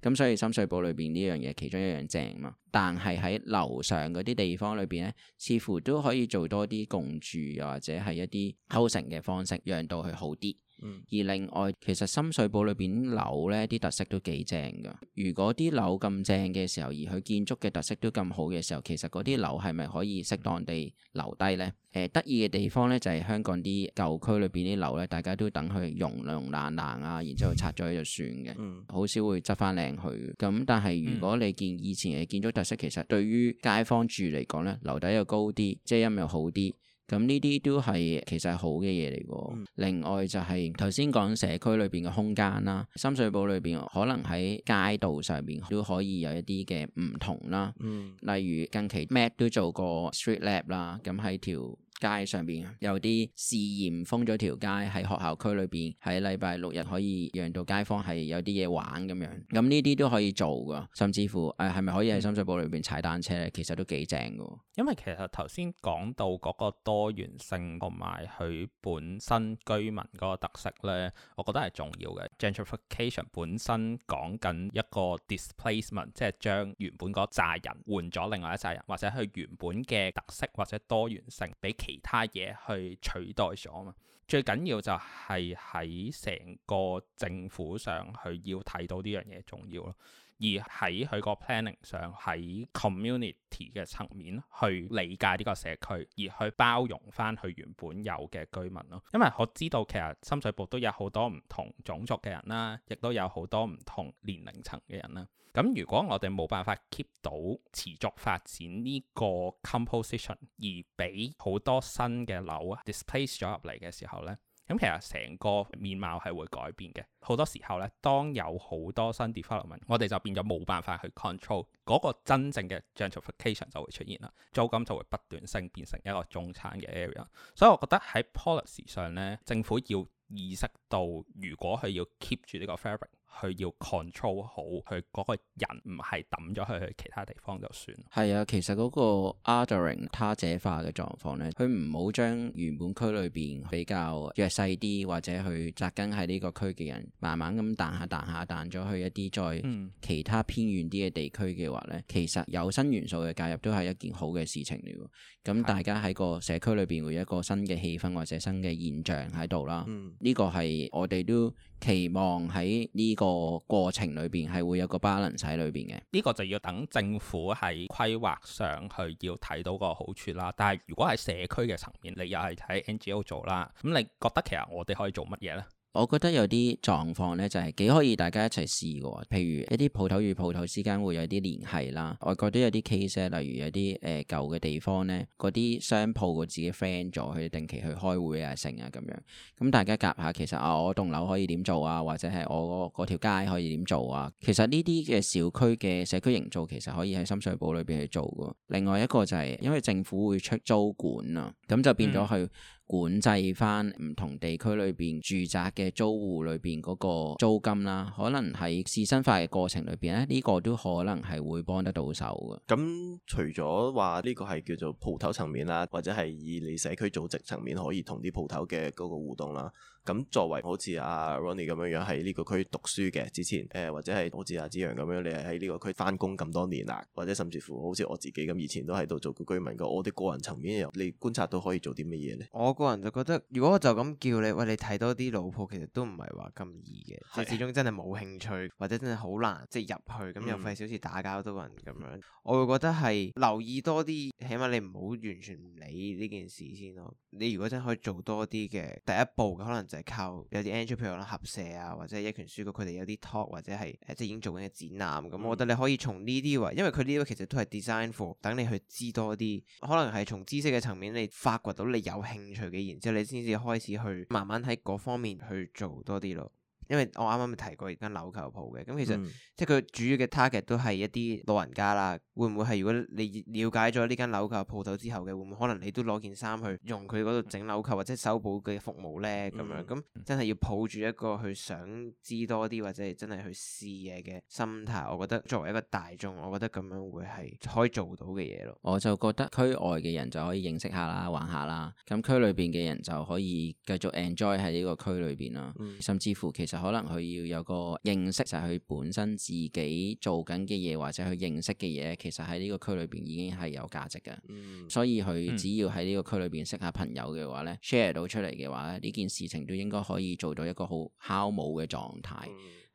咁、嗯、所以深水埗裏邊呢樣嘢其中一樣正嘛。但係喺樓上嗰啲地方裏邊咧，似乎都可以做多啲共住，又或者係一啲構成嘅方式，讓到佢好啲。而另外，其實深水埗裏邊樓呢啲特色都幾正㗎。如果啲樓咁正嘅時候，而佢建築嘅特色都咁好嘅時候，其實嗰啲樓係咪可以適當地留低呢？誒、呃、得意嘅地方呢，就係、是、香港啲舊區裏邊啲樓呢，大家都等佢融融爛爛啊，然之後拆咗就算嘅，好 (laughs) 少會執翻靚去嘅。咁但係如果你見以前嘅建築特色，其實對於街坊住嚟講呢，樓底又高啲，遮陰又好啲。咁呢啲都係其實係好嘅嘢嚟喎。另外就係頭先講社區裏邊嘅空間啦，深水埗裏邊可能喺街道上面都可以有一啲嘅唔同啦。嗯、例如近期 Mac 都做過 Street Lab 啦，咁喺條街上邊有啲試驗，封咗條街喺學校區裏邊，喺禮拜六日可以讓到街坊係有啲嘢玩咁樣。咁呢啲都可以做噶。甚至乎誒係咪可以喺深水埗裏邊踩單車咧？其實都幾正㗎。因為其實頭先講到嗰個多元性同埋佢本身居民嗰個特色咧，我覺得係重要嘅。gentrification 本身講緊一個 displacement，即係將原本嗰扎人換咗另外一紮人，或者佢原本嘅特色或者多元性俾。其他嘢去取代咗嘛？最緊要就係喺成個政府上去要睇到呢樣嘢重要咯。而喺佢個 planning 上，喺 community 嘅層面去理解呢個社區，而去包容翻佢原本有嘅居民咯。因為我知道其實深水埗都有好多唔同種族嘅人啦，亦都有好多唔同年齡層嘅人啦。咁如果我哋冇辦法 keep 到持續發展呢個 composition，而俾好多新嘅樓啊 displace 咗入嚟嘅時候呢。咁其實成個面貌係會改變嘅，好多時候咧，當有好多新 development，我哋就變咗冇辦法去 control 嗰個真正嘅 gentrification 就會出現啦，租金就會不斷升，變成一個中產嘅 area。所以我覺得喺 policy 上咧，政府要意識到，如果佢要 keep 住呢個 fabric。佢要 control 好，佢嗰個人唔係抌咗佢去其他地方就算。係啊，其實嗰個 othering 他者化嘅狀況咧，佢唔好將原本區裏邊比較弱勢啲或者去紮根喺呢個區嘅人，慢慢咁彈下彈下彈咗去一啲再其他偏遠啲嘅地區嘅話咧，嗯、其實有新元素嘅介入都係一件好嘅事情嚟，咁大家喺個社區裏邊會有一個新嘅氣氛或者新嘅現象喺度啦。呢、嗯、個係我哋都期望喺呢、這個。個過程裏邊係會有個 balance 喺裏邊嘅，呢個就要等政府喺規劃上去要睇到個好處啦。但係如果喺社區嘅層面，你又係喺 NGO 做啦，咁你覺得其實我哋可以做乜嘢呢？我覺得有啲狀況呢，就係、是、幾可以大家一齊試嘅。譬如一啲鋪頭與鋪頭之間會有啲聯繫啦，外國都有啲 case，例如有啲誒舊嘅地方呢，嗰啲商鋪個自己 friend 咗，去定期去開會啊、成啊咁樣。咁大家夾下，其實啊，我棟樓可以點做啊，或者係我嗰條街可以點做啊。其實呢啲嘅小區嘅社區營造，其實可以喺深水埗裏邊去做嘅。另外一個就係、是、因為政府會出租管啊，咁就變咗去。嗯管制翻唔同地區裏邊住宅嘅租戶裏邊嗰個租金啦，可能喺仕紳化嘅過程裏邊咧，呢、這個都可能係會幫得到手嘅。咁、嗯、除咗話呢個係叫做鋪頭層面啦，或者係以你社區組織層面可以同啲鋪頭嘅嗰個互動啦。咁作為好似阿、啊、Ronney 咁樣樣喺呢個區讀書嘅之前，誒、呃、或者係好似阿子揚咁樣，你係喺呢個區返工咁多年啦，或者甚至乎好似我自己咁，以前都喺度做過居民嘅，我哋個人層面又你觀察到可以做啲乜嘢呢？我個人就覺得，如果我就咁叫你，喂，你睇多啲老鋪，其實都唔係話咁易嘅，是即始終真係冇興趣，或者真係好難即係入去，咁又費少時打攪多人咁樣，我會覺得係留意多啲，起碼你唔好完全唔理呢件事先咯。你如果真係可以做多啲嘅第一步嘅，可能就係靠有啲 entrepreneur 啦，合社啊，或者一拳書局，佢哋有啲 talk 或者係即係已經做緊嘅展覽咁，我覺得你可以從呢啲位，因為佢呢位其實都係 design for 等你去知多啲，可能係從知識嘅層面你發掘到你有興趣嘅，然之後你先至開始去慢慢喺嗰方面去做多啲咯。因為我啱啱咪提過間鈕扣鋪嘅，咁其實、嗯、即係佢主要嘅 target 都係一啲老人家啦。會唔會係如果你了解咗呢間鈕扣鋪頭之後嘅，會唔會可能你都攞件衫去用佢嗰度整鈕扣，或者修補嘅服務呢？咁樣咁、嗯、真係要抱住一個去想知多啲或者係真係去試嘢嘅心態，我覺得作為一個大眾，我覺得咁樣會係可以做到嘅嘢咯。我就覺得區外嘅人就可以認識下啦、玩下啦，咁區裏邊嘅人就可以繼續 enjoy 喺呢個區裏邊啦，嗯、甚至乎其實。可能佢要有個認識，就係佢本身自己做緊嘅嘢，或者佢認識嘅嘢，其實喺呢個區裏邊已經係有價值嘅、嗯。所以佢只要喺呢個區裏邊識下朋友嘅話呢 share 到出嚟嘅話呢，件事情都應該可以做到一個好酵母嘅狀態，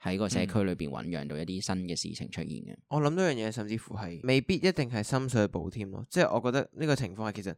喺、嗯、個社區裏邊醖釀到一啲新嘅事情出現嘅、嗯。嗯、我諗到樣嘢，甚至乎係未必一定係深水埗添咯，即係我覺得呢個情況係其實。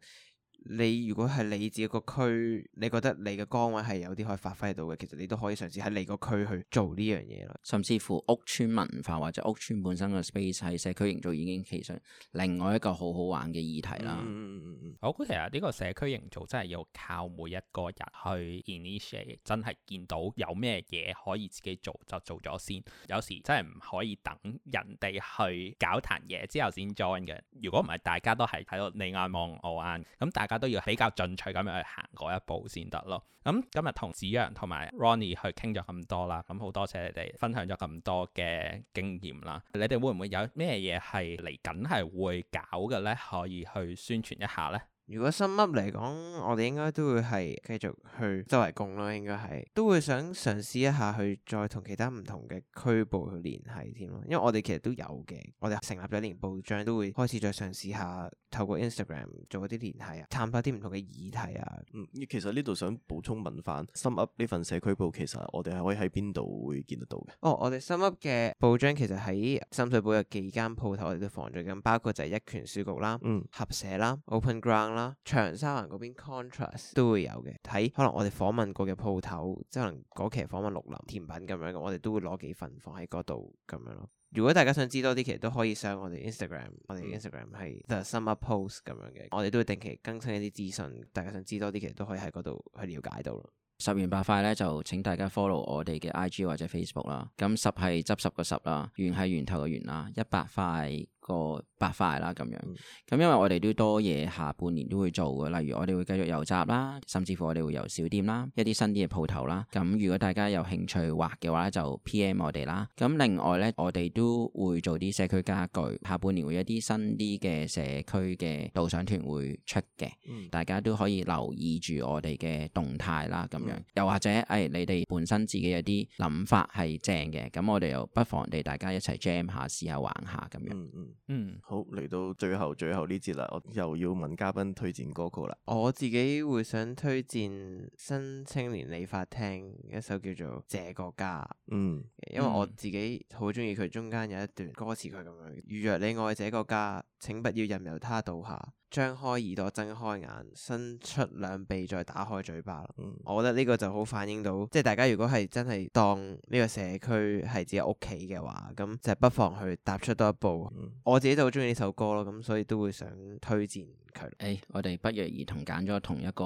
你如果係你自己個區，你覺得你嘅崗位係有啲可以發揮到嘅，其實你都可以嘗試喺你個區去做呢樣嘢啦。甚至乎屋村文化或者屋村本身嘅 space 喺社區營造已經其實另外一個好好玩嘅議題啦。嗯，我估其實呢個社區營造真係要靠每一個人去 initiate，真係見到有咩嘢可以自己做就做咗先。有時真係唔可以等人哋去搞壇嘢之後先 join 嘅。如果唔係大家都係睇落你眼望我眼，咁大家。都要比較進取咁樣去行嗰一步先得咯。咁今日同子揚同埋 Ronney 去傾咗咁多啦，咁好多謝你哋分享咗咁多嘅經驗啦。你哋會唔會有咩嘢係嚟緊係會搞嘅咧？可以去宣傳一下咧？如果深噏嚟講，我哋應該都會係繼續去周圍供咯，應該係都會想嘗試一下去再同其他唔同嘅區報去聯繫添咯。因為我哋其實都有嘅，我哋成立咗年報章，都會開始再嘗試下透過 Instagram 做啲聯繫啊，探討啲唔同嘅議題啊。嗯，其實呢度想補充問翻深噏呢份社區報，其實我哋係可以喺邊度會見得到嘅？哦，我哋深噏嘅報章其實喺深水埗有幾間鋪頭，我哋都放咗緊，包括就係一拳書局啦、合舍啦、Open Ground 啦，長沙灣嗰邊 contrast 都會有嘅，睇可能我哋訪問過嘅鋪頭，即係可能嗰期訪問綠林甜品咁樣，我哋都會攞幾份放喺嗰度咁樣咯。如果大家想知多啲，其實都可以上我哋 Instagram，我哋 Instagram 係 the sum up post 咁樣嘅，我哋都會定期更新一啲資訊，大家想知多啲，其實都可以喺嗰度去了解到咯。十元八塊呢，就請大家 follow 我哋嘅 IG 或者 Facebook 啦。咁十係執十個十啦，元係源頭嘅元啊，一百塊。個百塊啦咁樣，咁、嗯、因為我哋都多嘢，下半年都會做嘅，例如我哋會繼續油閘啦，甚至乎我哋會油小店啦，一啲新啲嘅鋪頭啦。咁、嗯、如果大家有興趣話嘅話，就 PM 我哋啦。咁、嗯、另外呢，我哋都會做啲社區家具。下半年會有一啲新啲嘅社區嘅導賞團會出嘅，嗯、大家都可以留意住我哋嘅動態啦咁樣。嗯、又或者誒、哎，你哋本身自己有啲諗法係正嘅，咁我哋又不妨地大家一齊 jam 一下，試，試，試玩下玩下咁樣。嗯嗯，好，嚟到最後最後呢節啦，我又要問嘉賓推薦歌曲啦。我自己會想推薦新青年理髮廳一首叫做《這個家》，嗯，因為我自己好中意佢中間有一段歌詞，佢咁樣預約你愛這個家。請不要任由他倒下，張開耳朵，睜開眼，伸出兩臂，再打開嘴巴。嗯、我覺得呢個就好反映到，即係大家如果係真係當呢個社區係自己屋企嘅話，咁就不妨去踏出多一步。嗯、我自己就好中意呢首歌咯，咁所以都會想推薦。誒、哎，我哋不約而同揀咗同一個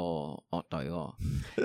樂隊喎、哦，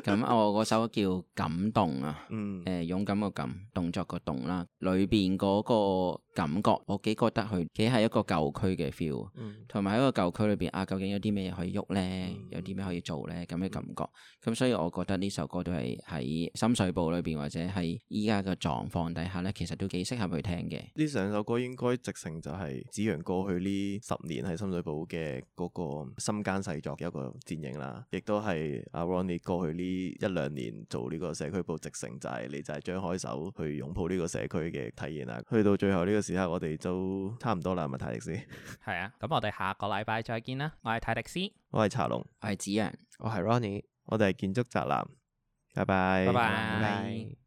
咁 (laughs) 我嗰首叫《敢動》啊，嗯、誒，勇敢個敢，動作個動啦，裏邊嗰個感覺，我幾覺得佢幾係一個舊區嘅 feel，同埋一個舊區裏邊啊，究竟有啲咩可以喐呢？嗯、有啲咩可以做呢？咁嘅感覺，咁、嗯、所以我覺得呢首歌都係喺深水埗裏邊，或者係依家嘅狀況底下呢，其實都幾適合去聽嘅。呢兩首歌應該直程就係子揚過去呢十年喺深水埗嘅嗰、那個。心間細作嘅一個電影啦，亦都係阿、啊、Ronney 過去呢一兩年做呢個社區報，直成就是、你就係張開手去擁抱呢個社區嘅體驗啦。去到最後呢個時刻，我哋都差唔多啦，係咪泰迪斯？係 (laughs) 啊，咁我哋下個禮拜再見啦。我係泰迪斯，我係茶龍，我係子揚，我係 Ronney，我哋係建築宅男，拜拜，拜拜。拜拜拜拜。